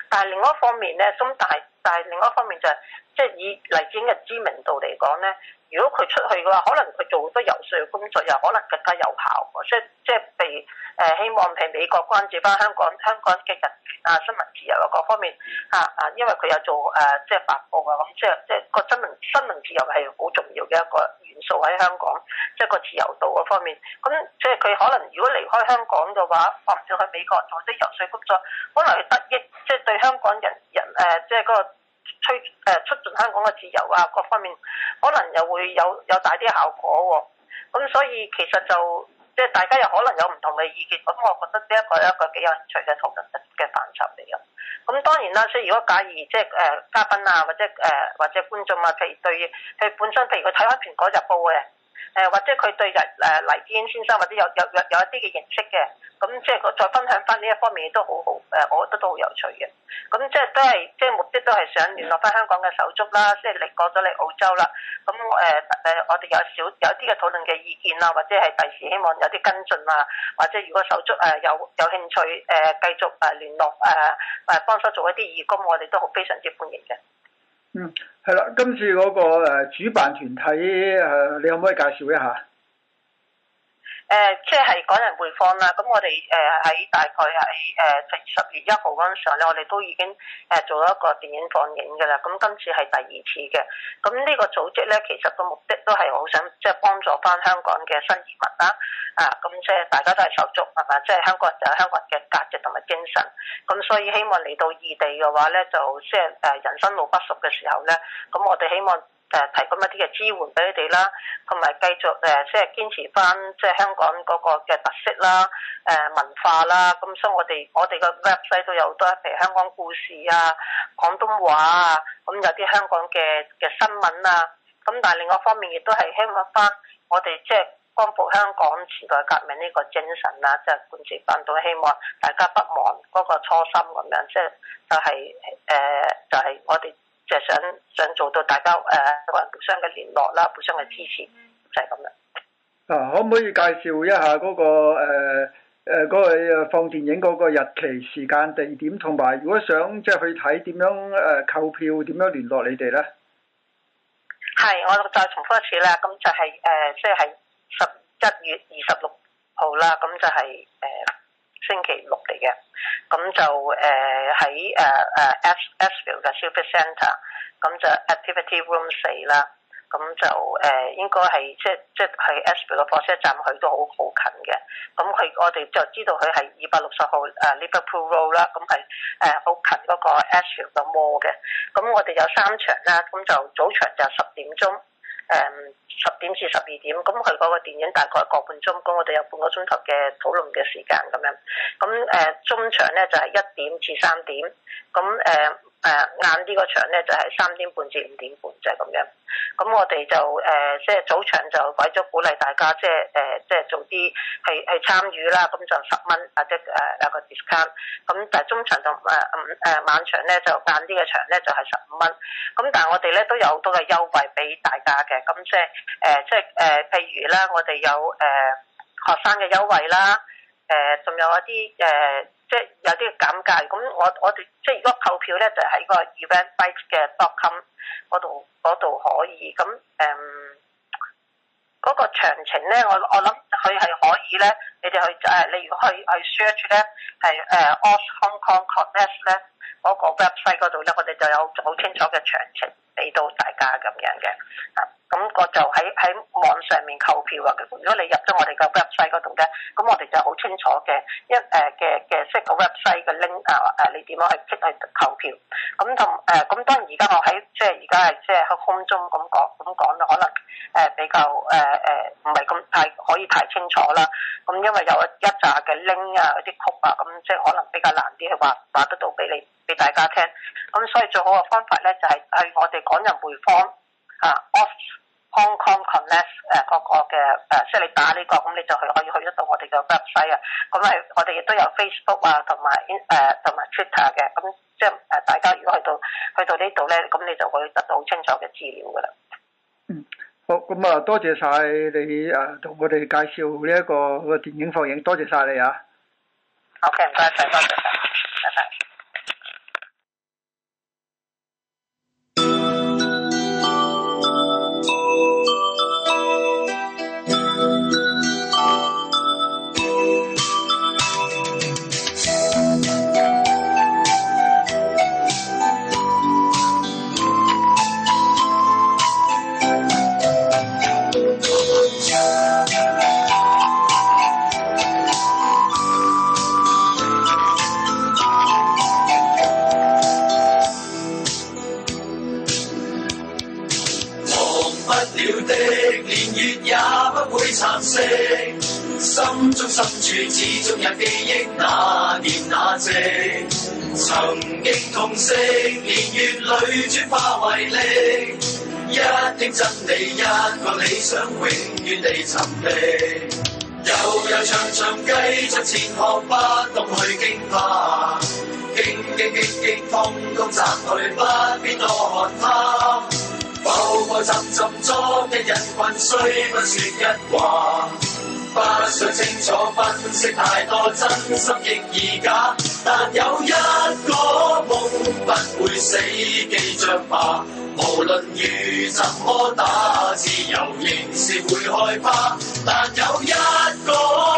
但係另外一方面咧，中大。但係另外一方面就係，是，即係以黎智英嘅知名度嚟講咧，如果佢出去嘅話，可能佢做好多遊說嘅工作又可能更加有效，所以即係被誒，呃、希望係美國關注翻香港香港嘅人啊，新聞自由啊，各方面嚇啊，因為佢有做誒即係發佈啊，咁即係，啊、即係個新聞新聞自由係好重要嘅一個元素喺香港，即係個自由度嗰方面。咁即係佢可能如果離開香港嘅話，或者喺美國做啲遊說工作，可能是得益即係，就是、對香港人人誒，呃、即係嗰、那個推誒促進香港嘅自由啊，各方面可能又會有有大啲效果喎、啊。咁所以其實就即係大家又可能有唔同嘅意見，咁我覺得呢一個係一個幾有趣嘅討論嘅嘅範疇嚟嘅。咁當然啦，即係如果假如即係誒嘉賓啊，或者誒、呃、或者觀眾啊，譬如對佢本身，譬如佢睇開蘋果日報嘅。誒或者佢對人誒黎智英先生或者有有有有一啲嘅認識嘅，咁即係佢再分享翻呢一方面亦都好好，誒我覺得都好有趣嘅。咁即係都係即係目的都係想聯絡翻香港嘅手足啦，即係嚟過咗嚟澳洲啦。咁誒誒我哋有少有啲嘅討論嘅意見啊，或者係第時希望有啲跟進啊，或者如果手足誒有有興趣誒繼續誒聯絡誒誒幫手做一啲義工，我哋都好非常之歡迎嘅。嗯，係啦，今次嗰個誒主辦團體誒，你可唔可以介紹一下？誒，即係港人匯坊啦。咁我哋誒喺大概喺誒十月一號嗰陣時咧，我哋都已經誒做咗一個電影放映嘅啦。咁今次係第二次嘅。咁呢個組織咧，其實個目的都係好想即係幫助翻香港嘅新移民啦。啊，咁即係大家都係手足係嘛，即係、就是、香港人就有、是、香港人嘅價值同埋精神。咁所以希望嚟到異地嘅話咧，就即係誒人生路不熟嘅時候咧，咁我哋希望，誒提供一啲嘅支援俾你哋啦，同埋繼續誒，即係堅持翻即係香港嗰個嘅特色啦、誒文化啦。咁所以我哋我哋嘅 website 都有好多譬如香港故事啊、廣東話啊，咁有啲香港嘅嘅新聞啊。咁但係另外一方面亦都係希望翻我哋即係光復香港時代革命呢個精神啦，即係貫徹更多，希望大家不忘嗰個初心咁樣，即係就係誒，就係、是就是、我哋。就係想想做到大家誒互相嘅聯絡啦，互相嘅支持，就係咁啦。啊，可唔可以介紹一下嗰個誒誒嗰個放電影嗰個日期、時間、地點，同埋如果想即係去睇點樣誒購票、點樣聯絡你哋咧？係，我再重複一次啦。咁就係誒，即係十一月二十六號啦。咁就係誒。呃星期六嚟嘅，咁就誒喺誒 Ash e s h f i e l d 嘅 c e n t e r 咁就 activity room 四啦，咁就誒、啊、應該係即即去 a s h e l d 嘅火車站，佢都好好近嘅。咁佢我哋就知道佢係二百六十號誒 Liverpool Road 啦，咁係誒好近嗰個 a s h e l d 嘅 mall 嘅。咁我哋有三場啦，咁就早場就十點鐘，誒、嗯。十點至十二點，咁佢嗰個電影大概個半鐘，咁我哋有半個鐘頭嘅討論嘅時間咁樣。咁誒、呃、中場咧就係、是、一點至三點，咁誒誒晏啲個場咧就係、是、三點半至五點半就係、是、咁樣。咁我哋就誒即係早場就為咗鼓勵大家即係誒、呃、即係做啲係係參與啦，咁就十蚊或者誒有個 discount。咁但係中場就誒五、呃呃、晚場咧就晏啲嘅場咧就係十五蚊。咁但係我哋咧都有好多嘅優惠俾大家嘅，咁即係。誒、呃呃呃呃呃，即係誒，譬如啦，我哋有誒學生嘅優惠啦，誒，仲有一啲誒，即係有啲減價。咁我我哋即係如果購票咧，就喺、是、個 Eventbrite 嘅 document 嗰度嗰度可以。咁誒，嗰、呃那個詳情咧，我我諗佢係可以咧，你哋去誒、呃，你如果去去 search 咧，係誒 OS Hong Kong Connect 呢咧，嗰、那個 website 嗰度咧，我哋就有好清楚嘅詳情。俾到大家咁樣嘅，啊，咁我就喺喺網上面購票啊。如果你入咗我哋嘅 website 嗰度咧，咁我哋就好清楚嘅一嘅嘅、呃，即係個 website 嘅 link 啊，你點樣去即係購票？咁同咁當然而家我喺即係而家即喺空中咁講咁講，可能比較唔係咁太，太可以太清楚啦。咁因為有一紮嘅 link 啊，啲曲啊，咁即係可能比較難啲去話話得到俾你俾大家聽。咁所以最好嘅方法咧就係、係、去我哋。港人匯坊啊，off、啊、Hong Kong Connect 誒、啊，個個嘅誒，即、啊、係、就是、你打呢、這個，咁你就去可以去得到我哋嘅 website 啊。咁係我哋亦都有 Facebook 啊，同埋誒同埋 Twitter 嘅。咁即係誒大家如果去到去到呢度咧，咁你就會得到好清楚嘅資料噶啦。嗯，好，咁啊，多謝晒你誒同我哋介紹呢一個個電影放映。多謝晒你啊！OK，唔該晒，多謝晒。拜拜。記憶那年那夕，曾經痛惜，年月裏轉化為力，一點真理，一個理想，永遠地尋覓。悠悠長長，繼續前行，不動去驚怕，驚驚驚驚，通通砸去，不必多看他。浮浮沉沉，中的人群，雖不說一話。不想清楚，分析太多，真心易以假。但有一個夢不會死，記着吧。無論雨怎麼打，自由仍是會害怕。但有一個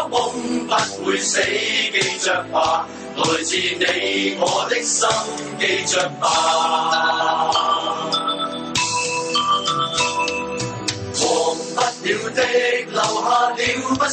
夢不會死，記着吧。來自你我的心，記着吧。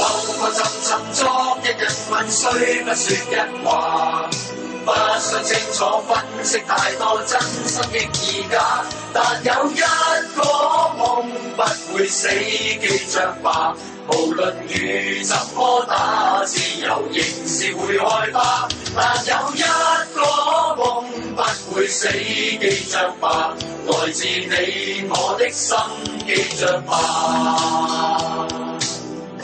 走過站沉坐，一人文，需不說一話，話，不想清楚分析太多，真心的意義。但有一個夢不會死，記着吧。無論雨怎麼打，自由仍是會開花。但有一個夢不會死，記着吧。來自你我的心，記着吧。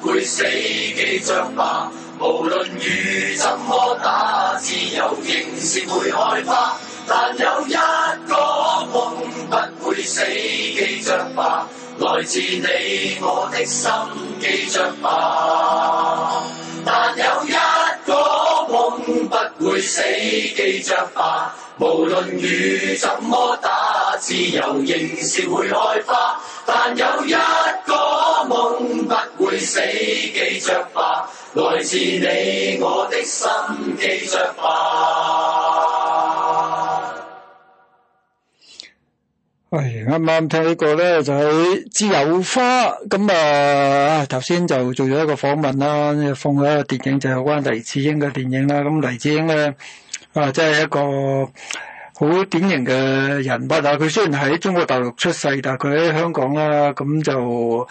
不會死，記着吧，無論雨怎麼打，自由仍是會開花。但有一個夢不會死，記着吧，來自你我的心，記着吧。但有一個夢不會死，記着吧，無論雨怎麼打，自由仍是會開花。但有一夢不會死，記着吧，來自你我的心，記着吧。喂，啱啱睇過呢咧就係自由花咁啊！頭先就做咗一個訪問啦，放咗個電影就有關黎智英嘅電影啦。咁黎智英咧啊，即係一個好典型嘅人物啊！佢雖然喺中國大陸出世，但係佢喺香港啦，咁就。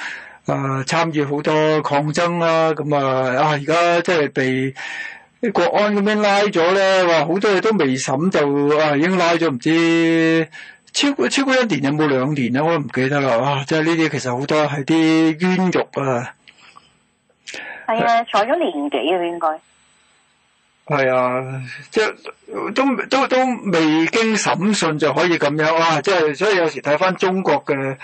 誒，參與好多抗爭啦，咁啊，啊而家即係被啲國安咁樣拉咗咧，話好多嘢都未審就啊，已經拉咗唔知超過超過一年有冇兩年啦，我都唔記得啦，啊即係呢啲其實好多係啲冤獄啊，係啊，坐咗年幾啊應該，係啊，即係都都都未經審訊就可以咁樣，啊。即係，所以有時睇翻中國嘅。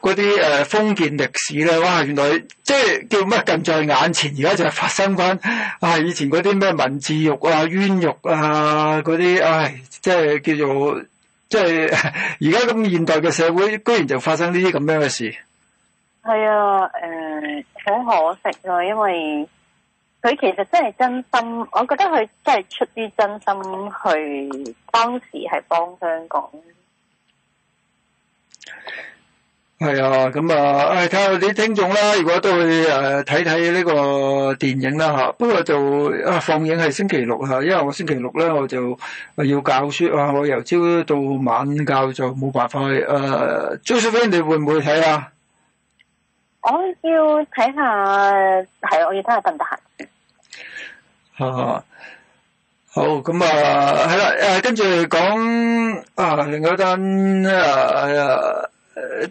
嗰啲誒封建歷史咧，哇！原來即係叫乜近在眼前，而家就發生翻啊！以前嗰啲咩文字獄啊、冤獄啊嗰啲，唉、哎，即係叫做即係而家咁現代嘅社會，居然就發生呢啲咁樣嘅事。係啊，誒、呃、好可惜咯、啊，因為佢其實真係真心，我覺得佢真係出於真心去當時係幫香港。係啊，咁啊，睇下你啲聽眾啦，如果都去誒睇睇呢個電影啦吓，不過就啊放映係星期六吓，因為我星期六咧我就要教書啊，我由朝到晚教就冇辦法去誒 Josephine 你會唔會睇啊,啊？我要睇下，係我要睇下得唔得閒？好，咁啊，係啦、啊，誒、啊，跟住講啊，另外一單誒。啊啊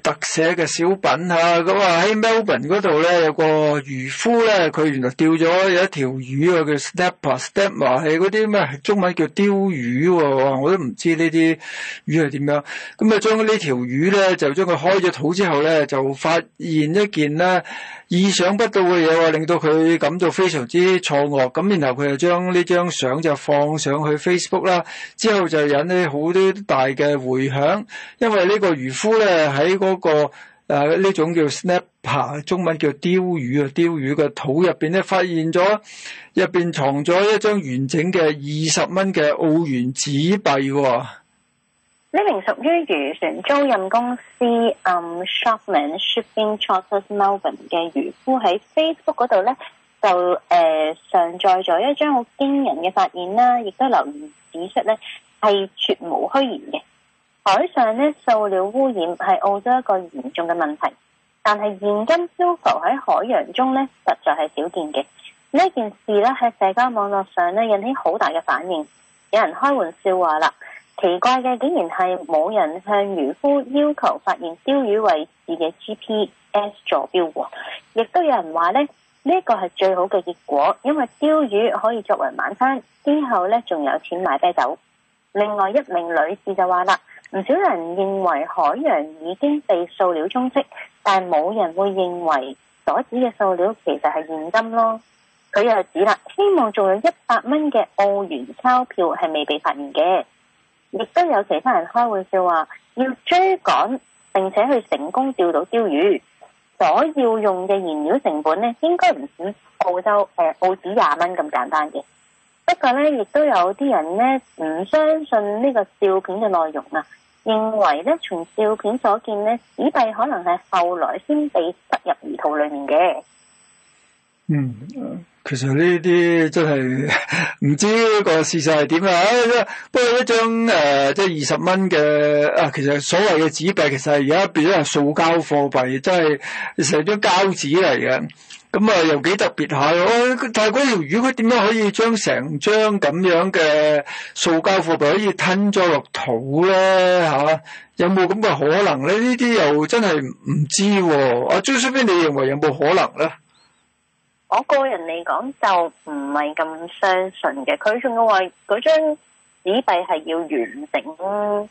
特寫嘅小品嚇，咁啊喺 Melbourne 嗰度咧有個漁夫咧，佢原來釣咗有一條魚啊，叫 snapper，snapper，係嗰啲咩中文叫鯛魚喎、哦，我都唔知呢啲魚係點樣，咁啊將呢條魚咧就將佢開咗肚之後咧就發現一件咧。意想不到嘅嘢令到佢感到非常之錯愕。咁然後佢就將呢張相就放上去 Facebook 啦，之後就引起好多大嘅迴響。因為這個漁呢，在、那個漁夫咧喺嗰個誒呢種叫 snapper 中文叫鯛魚啊，鯛魚嘅肚入邊咧發現咗入邊藏咗一張完整嘅二十蚊嘅澳元紙幣喎。呢名屬於漁船租賃公司、um, Shopman Shipping Charters Melbourne 嘅漁夫喺 Facebook 嗰度咧，就誒、呃、上載咗一張好驚人嘅發現啦，亦都留言指出咧係絕無虛言嘅。海上咧塑料污染係澳洲一個嚴重嘅問題，但係現今漂浮喺海洋中咧，實在係少見嘅。呢件事咧喺社交網絡上咧引起好大嘅反應，有人開玩笑話啦。奇怪嘅，竟然係冇人向漁夫要求發現鯛魚位置嘅 GPS 坐標喎、哦。亦都有人話呢，呢個係最好嘅結果，因為鯛魚可以作為晚餐，之後呢仲有錢買啤酒。另外一名女士就話啦，唔少人認為海洋已經被塑料充斥，但係冇人會認為所指嘅塑料其實係現金咯。佢又指啦，希望仲有一百蚊嘅澳元鈔票係未被發現嘅。亦都有其他人開玩笑話，要追趕並且去成功釣到鯊魚，所要用嘅燃料成本呢，應該唔止澳洲誒澳紙廿蚊咁簡單嘅。不過呢，亦都有啲人呢唔相信呢個照片嘅內容啊，認為呢從照片所見呢，紙幣可能係後來先被塞入魚肚裡面嘅。嗯，其實呢啲真係唔知個事實係點啊！不過一張誒，即係二十蚊嘅啊，其實所謂嘅紙幣，其實而家變咗係塑膠貨幣，真係成張膠紙嚟嘅。咁、嗯、啊，又幾特別下咯！但係嗰條魚，佢點樣可以將成張咁樣嘅塑膠貨幣可以吞咗落肚咧？吓、啊，有冇咁嘅可能咧？呢啲又真係唔知、啊。阿張叔邊，你認為有冇可能咧？我個人嚟講就唔係咁相信嘅，佢仲要話嗰張紙幣係要完整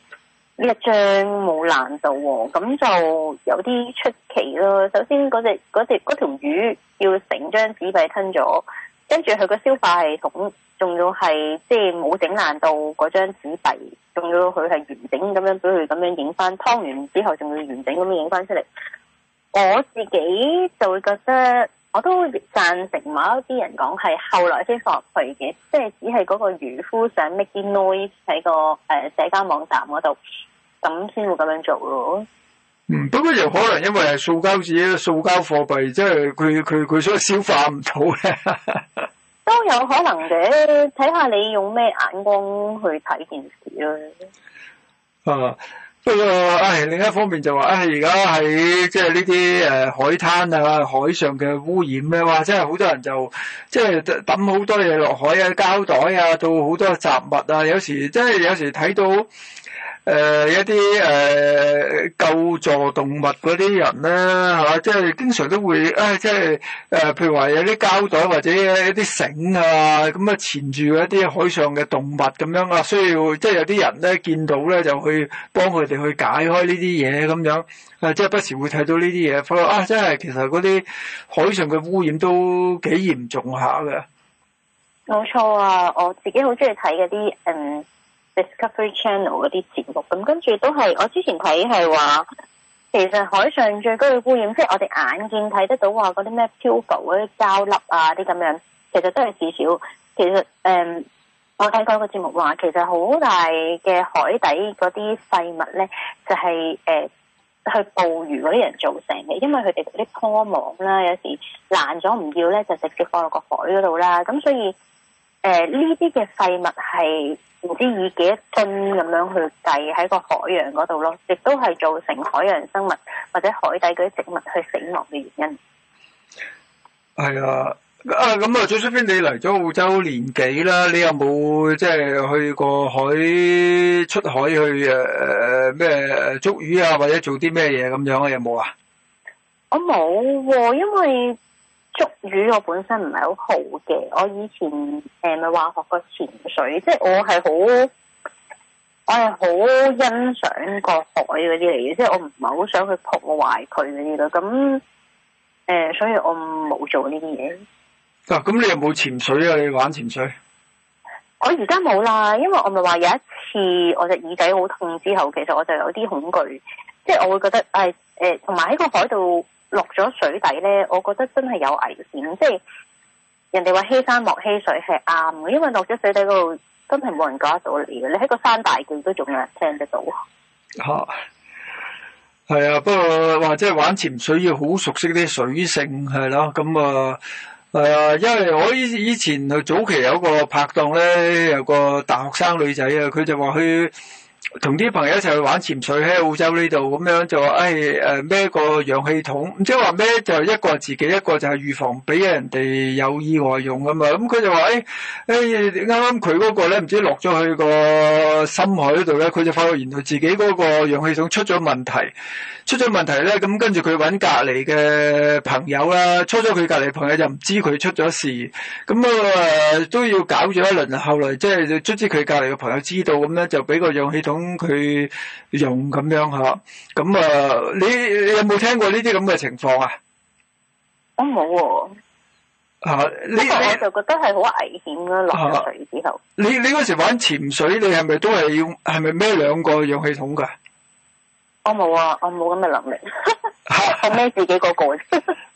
呢一張冇難度喎，咁就有啲出奇咯。首先嗰隻嗰隻嗰條魚要成張紙幣吞咗，跟住佢個消化系統仲要係即係冇整爛到嗰張紙幣，仲要佢係完整咁樣俾佢咁樣影翻，吞完之後仲要完整咁樣影翻出嚟。我自己就會覺得。我都贊成某一啲人講，係後來先放佢嘅，即係只係嗰個漁夫想 make 啲 noise 喺個誒社交網站嗰度，咁先會咁樣做咯。嗯，不過有可能因為係塑膠紙塑膠貨幣，即係佢佢佢想消化唔到嘅， 都有可能嘅，睇下，你用咩眼光去睇件事啦。啊！嗰個唉，另一方面就話啊，而家喺即係呢啲誒海灘啊、海上嘅污染咧、啊，哇！真係好多人就即係抌好多嘢落海啊，膠袋啊，到好多雜物啊，有時即係有時睇到。誒、呃、一啲誒、呃、救助動物嗰啲人咧、啊、即係經常都會、啊、即係誒、呃、譬如話有啲膠袋或者一啲繩啊，咁啊纏住一啲海上嘅動物咁樣啊，需要即係有啲人咧見到咧就去幫佢哋去解開呢啲嘢咁樣，即係不時會睇到呢啲嘢，可能啊，即係、啊、其實嗰啲海上嘅污染都幾嚴重下㗎。冇錯啊，我自己好中意睇嗰啲嗯。Discovery Channel 嗰啲節目，咁跟住都係我之前睇係話，其實海上最高嘅污染，即係我哋眼見睇得到話嗰啲咩漂浮嗰啲膠粒啊啲咁樣，其實都係至少。其實誒、嗯，我睇過個節目話，其實好大嘅海底嗰啲廢物咧，就係誒去捕魚嗰啲人造成嘅，因為佢哋嗰啲拖網啦，有時爛咗唔要咧，就直接放落個海嗰度啦，咁所以。誒，呢啲嘅廢物係唔知道以幾多噸咁樣去計喺個海洋嗰度咯，亦都係造成海洋生物或者海底嗰啲植物去死亡嘅原因。係啊，啊咁啊，張叔芬，你嚟咗澳洲年幾啦？你有冇即係去過海出海去誒誒咩捉魚啊，或者做啲咩嘢咁樣啊？有冇啊？我冇，因為。捉魚我本身唔係好好嘅，我以前誒咪話學過潛水，即係我係好，我係好欣賞個海嗰啲嚟嘅，即係我唔係好想去破壞佢嗰啲咯。咁誒、呃，所以我冇做呢啲嘢。嗱、啊，咁你有冇潛水啊？你玩潛水？我而家冇啦，因為我咪話有一次我隻耳仔好痛之後，其實我就有啲恐懼，即係我會覺得誒誒，同埋喺個海度。落咗水底咧，我覺得真係有危險。即、就、係、是、人哋話欺山莫欺水係啱，因為落咗水底嗰度真係冇人覺得到你嘅。你喺個山大叫都仲有人聽得到。嚇、啊，係啊。不過話即係玩潛水要好熟悉啲水性係咯。咁啊誒、嗯啊，因為我以以前早期有一個拍檔咧，有一個大學生女仔啊，佢就話去。同啲朋友一齊去玩潛水，喺澳洲呢度咁樣，就話誒誒孭個氧氣筒，即係話孭就一個自己一個就係預防俾人哋有意外用啊嘛。咁佢就話誒誒啱啱佢嗰個咧唔知落咗去個深海嗰度咧，佢就發覺原來自己嗰個氧氣筒出咗問題，出咗問題咧，咁跟住佢搵隔籬嘅朋友啦，初初佢隔籬朋友就唔知佢出咗事，咁啊、呃、都要搞咗一輪，後來即係通知佢隔籬嘅朋友知道咁咧，就俾個氧氣筒。咁佢用咁樣吓，咁啊，你你有冇聽過呢啲咁嘅情況啊？我冇喎、啊。吓、啊，呢個我就覺得係好危險㗎、啊。落水之後。啊、你你嗰時玩潛水，你是是是是是係咪都係要係咪孭兩個氧氣筒噶？我冇啊，我冇咁嘅能力。係孭自己嗰個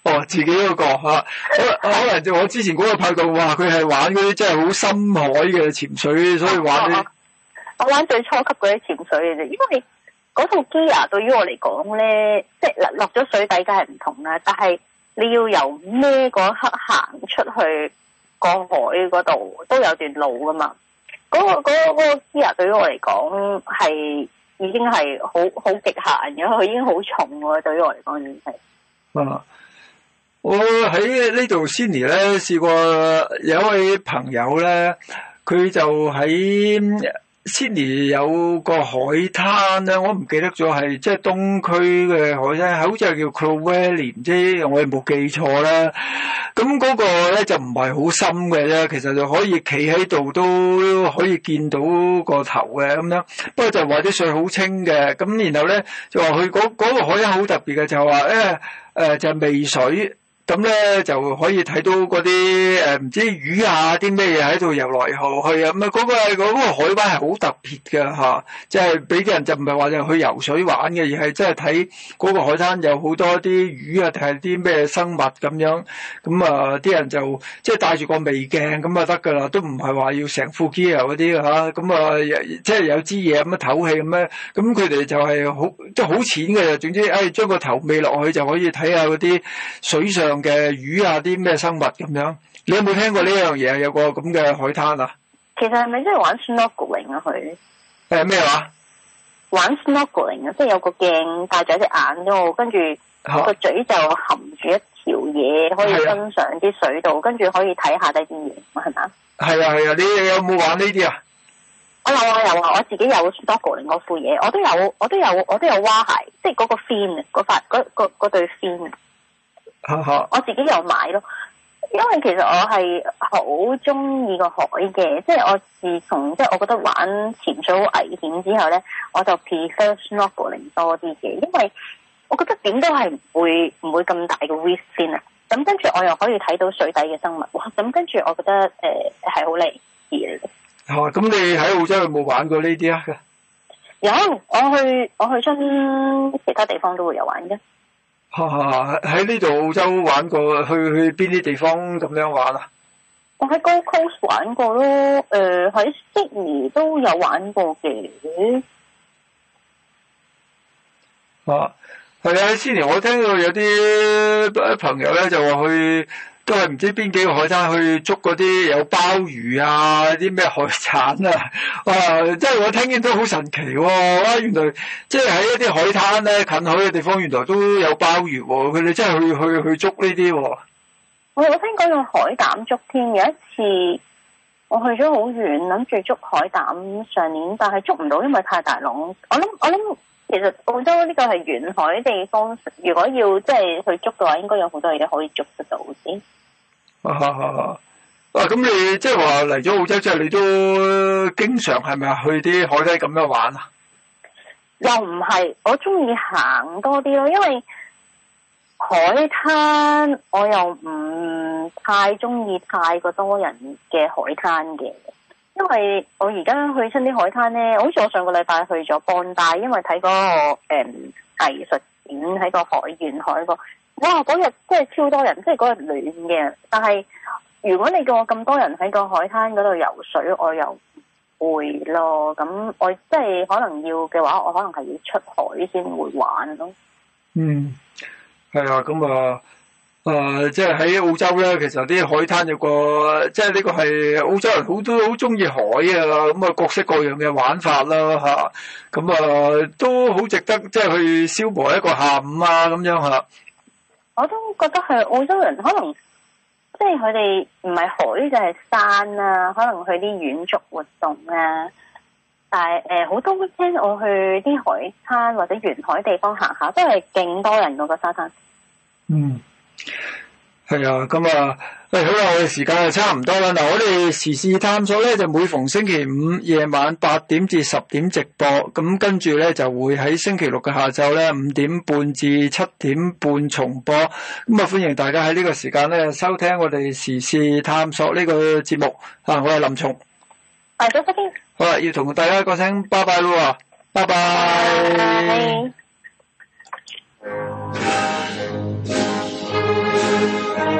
哦，自己、嗰個吓、啊， 可能就我之前嗰個拍檔，哇，佢係玩嗰啲真係好深海嘅潛水，所以玩。 我玩最初級嗰啲潛水嘅啫，因為嗰套 gear 對於我嚟講咧，即係嗱落咗水底梗係唔同啦，但係你要由咩嗰一刻行出去過海嗰度都有段路噶嘛。嗰個嗰個 gear 對於我嚟講係已經係好好極限嘅，佢已經好重喎、啊。對於我嚟講已經係。啊，我喺呢度 Sunny 咧，試過有一位朋友咧，佢就喺。Sydney 有個海灘呢，我唔記得咗係即係東區嘅海灘，好似係叫 Clovelly 啫，我哋冇記錯啦。咁嗰個呢就唔係好深嘅啫，其實就可以企喺度都可以見到個頭嘅咁樣。不過就話啲水好清嘅，咁然後呢、嗰個嗰個，就話佢嗰個海灘好特別嘅，就話咧就係未水。咁咧就可以睇到嗰啲誒唔知魚啊啲咩嘢喺度游來遊去啊！咁啊嗰個嗰個海灣係好特別嘅吓、啊，即係俾啲人就唔係話就去游水玩嘅，而係即係睇嗰個海灘有好多啲魚啊定係啲咩生物咁樣。咁啊啲人就即係戴住個微鏡咁啊得㗎啦，都唔係話要成副 gear 嗰啲吓咁啊即係、就是、有支嘢咁啊唞氣咁咧，咁佢哋就係好即係好淺嘅，總之誒將個頭尾落去就可以睇下嗰啲水上。嘅魚啊，啲咩生物咁樣？你有冇聽過呢樣嘢？有個咁嘅海灘啊？其實係咪真係玩 snorkeling 啊？佢誒咩話？玩 snorkeling 啊，uggling, 即係有個鏡戴咗一隻眼咯，跟住個嘴就含住一條嘢，啊、可以跟上啲水度，跟住、啊、可以睇下低啲嘢，係咪啊？係啊係啊，你有冇玩呢啲啊？我有啊有啊，我自己有 snorkeling 嗰副嘢，我都有我都有我都有蛙鞋，即係嗰個 fin 嗰塊嗰嗰對 fin。Uh huh. 我自己又買咯，因為其實我係好中意個海嘅，即係我自從即係我覺得玩潛水危險之後呢，我就 prefer snorkeling 多啲嘅，因為我覺得點都係唔會唔會咁大嘅 risk 先啊。咁跟住我又可以睇到水底嘅生物，咁跟住我覺得誒係好靚嚟嘅。咁你喺澳洲有冇玩過這些呢啲啊？有，我去我去出其他地方都會有玩嘅。吓吓喺呢度澳洲玩過，去去邊啲地方咁樣玩啊？我喺高科玩過咯，誒喺悉尼都有玩過嘅。啊，係啊！悉尼，啊、我聽到有啲朋友咧就話去。都係唔知邊幾個海灘去捉嗰啲有鮑魚啊，啲咩海產啊，啊，真係我聽見都好神奇喎！啊，原來即係喺一啲海灘咧近海嘅地方，原來都有鮑魚，哦，佢哋真係去去去捉呢啲。我我聽講用海膽捉添，有一次我去咗好遠，諗住捉海膽，上年但係捉唔到，因為太大浪。我諗我諗。其實澳洲呢個係沿海地方，如果要即係去捉嘅話，應該有好多嘢可以捉得到先，啊。啊咁、啊、你即係話嚟咗澳洲之後，你都經常係咪去啲海底咁樣玩啊？又唔係，我中意行多啲咯，因為海灘我又唔太中意太過多人嘅海灘嘅。因為我而家去親啲海灘呢，好似我上個禮拜去咗半大，因為睇嗰、那個誒藝術展喺個海沿海個，哇嗰日真係超多人，即係嗰日暖嘅。但係如果你叫我咁多人喺個海灘嗰度游水，我又唔會咯。咁我即係可能要嘅話，我可能係要出海先會玩咯。嗯，係啊，咁啊。啊，即係喺澳洲咧，其實啲海灘有個，即係呢個係澳洲人好多好中意海的各各的啊，咁啊，各式各樣嘅玩法啦，吓，咁啊，都好值得即係、就是、去消磨一個下午啊，咁樣吓。我都覺得係澳洲人可能，即係佢哋唔係海就係、是、山啦、啊，可能去啲遠足活動啊，但係誒，好、呃、多 f 我去啲海灘或者沿海地方行一下，都係勁多人嗰個沙灘。嗯。係啊，咁啊，誒、哎，好啦，我哋時間就差唔多啦。嗱，我哋時事探索咧就每逢星期五夜晚八點至十點直播，咁跟住咧就會喺星期六嘅下晝咧五點半至七點半重播。咁啊，歡迎大家喺呢個時間咧收聽我哋時事探索呢個節目。啊，我係林松。係周生。好啦，要同大家講聲拜拜啦，拜拜。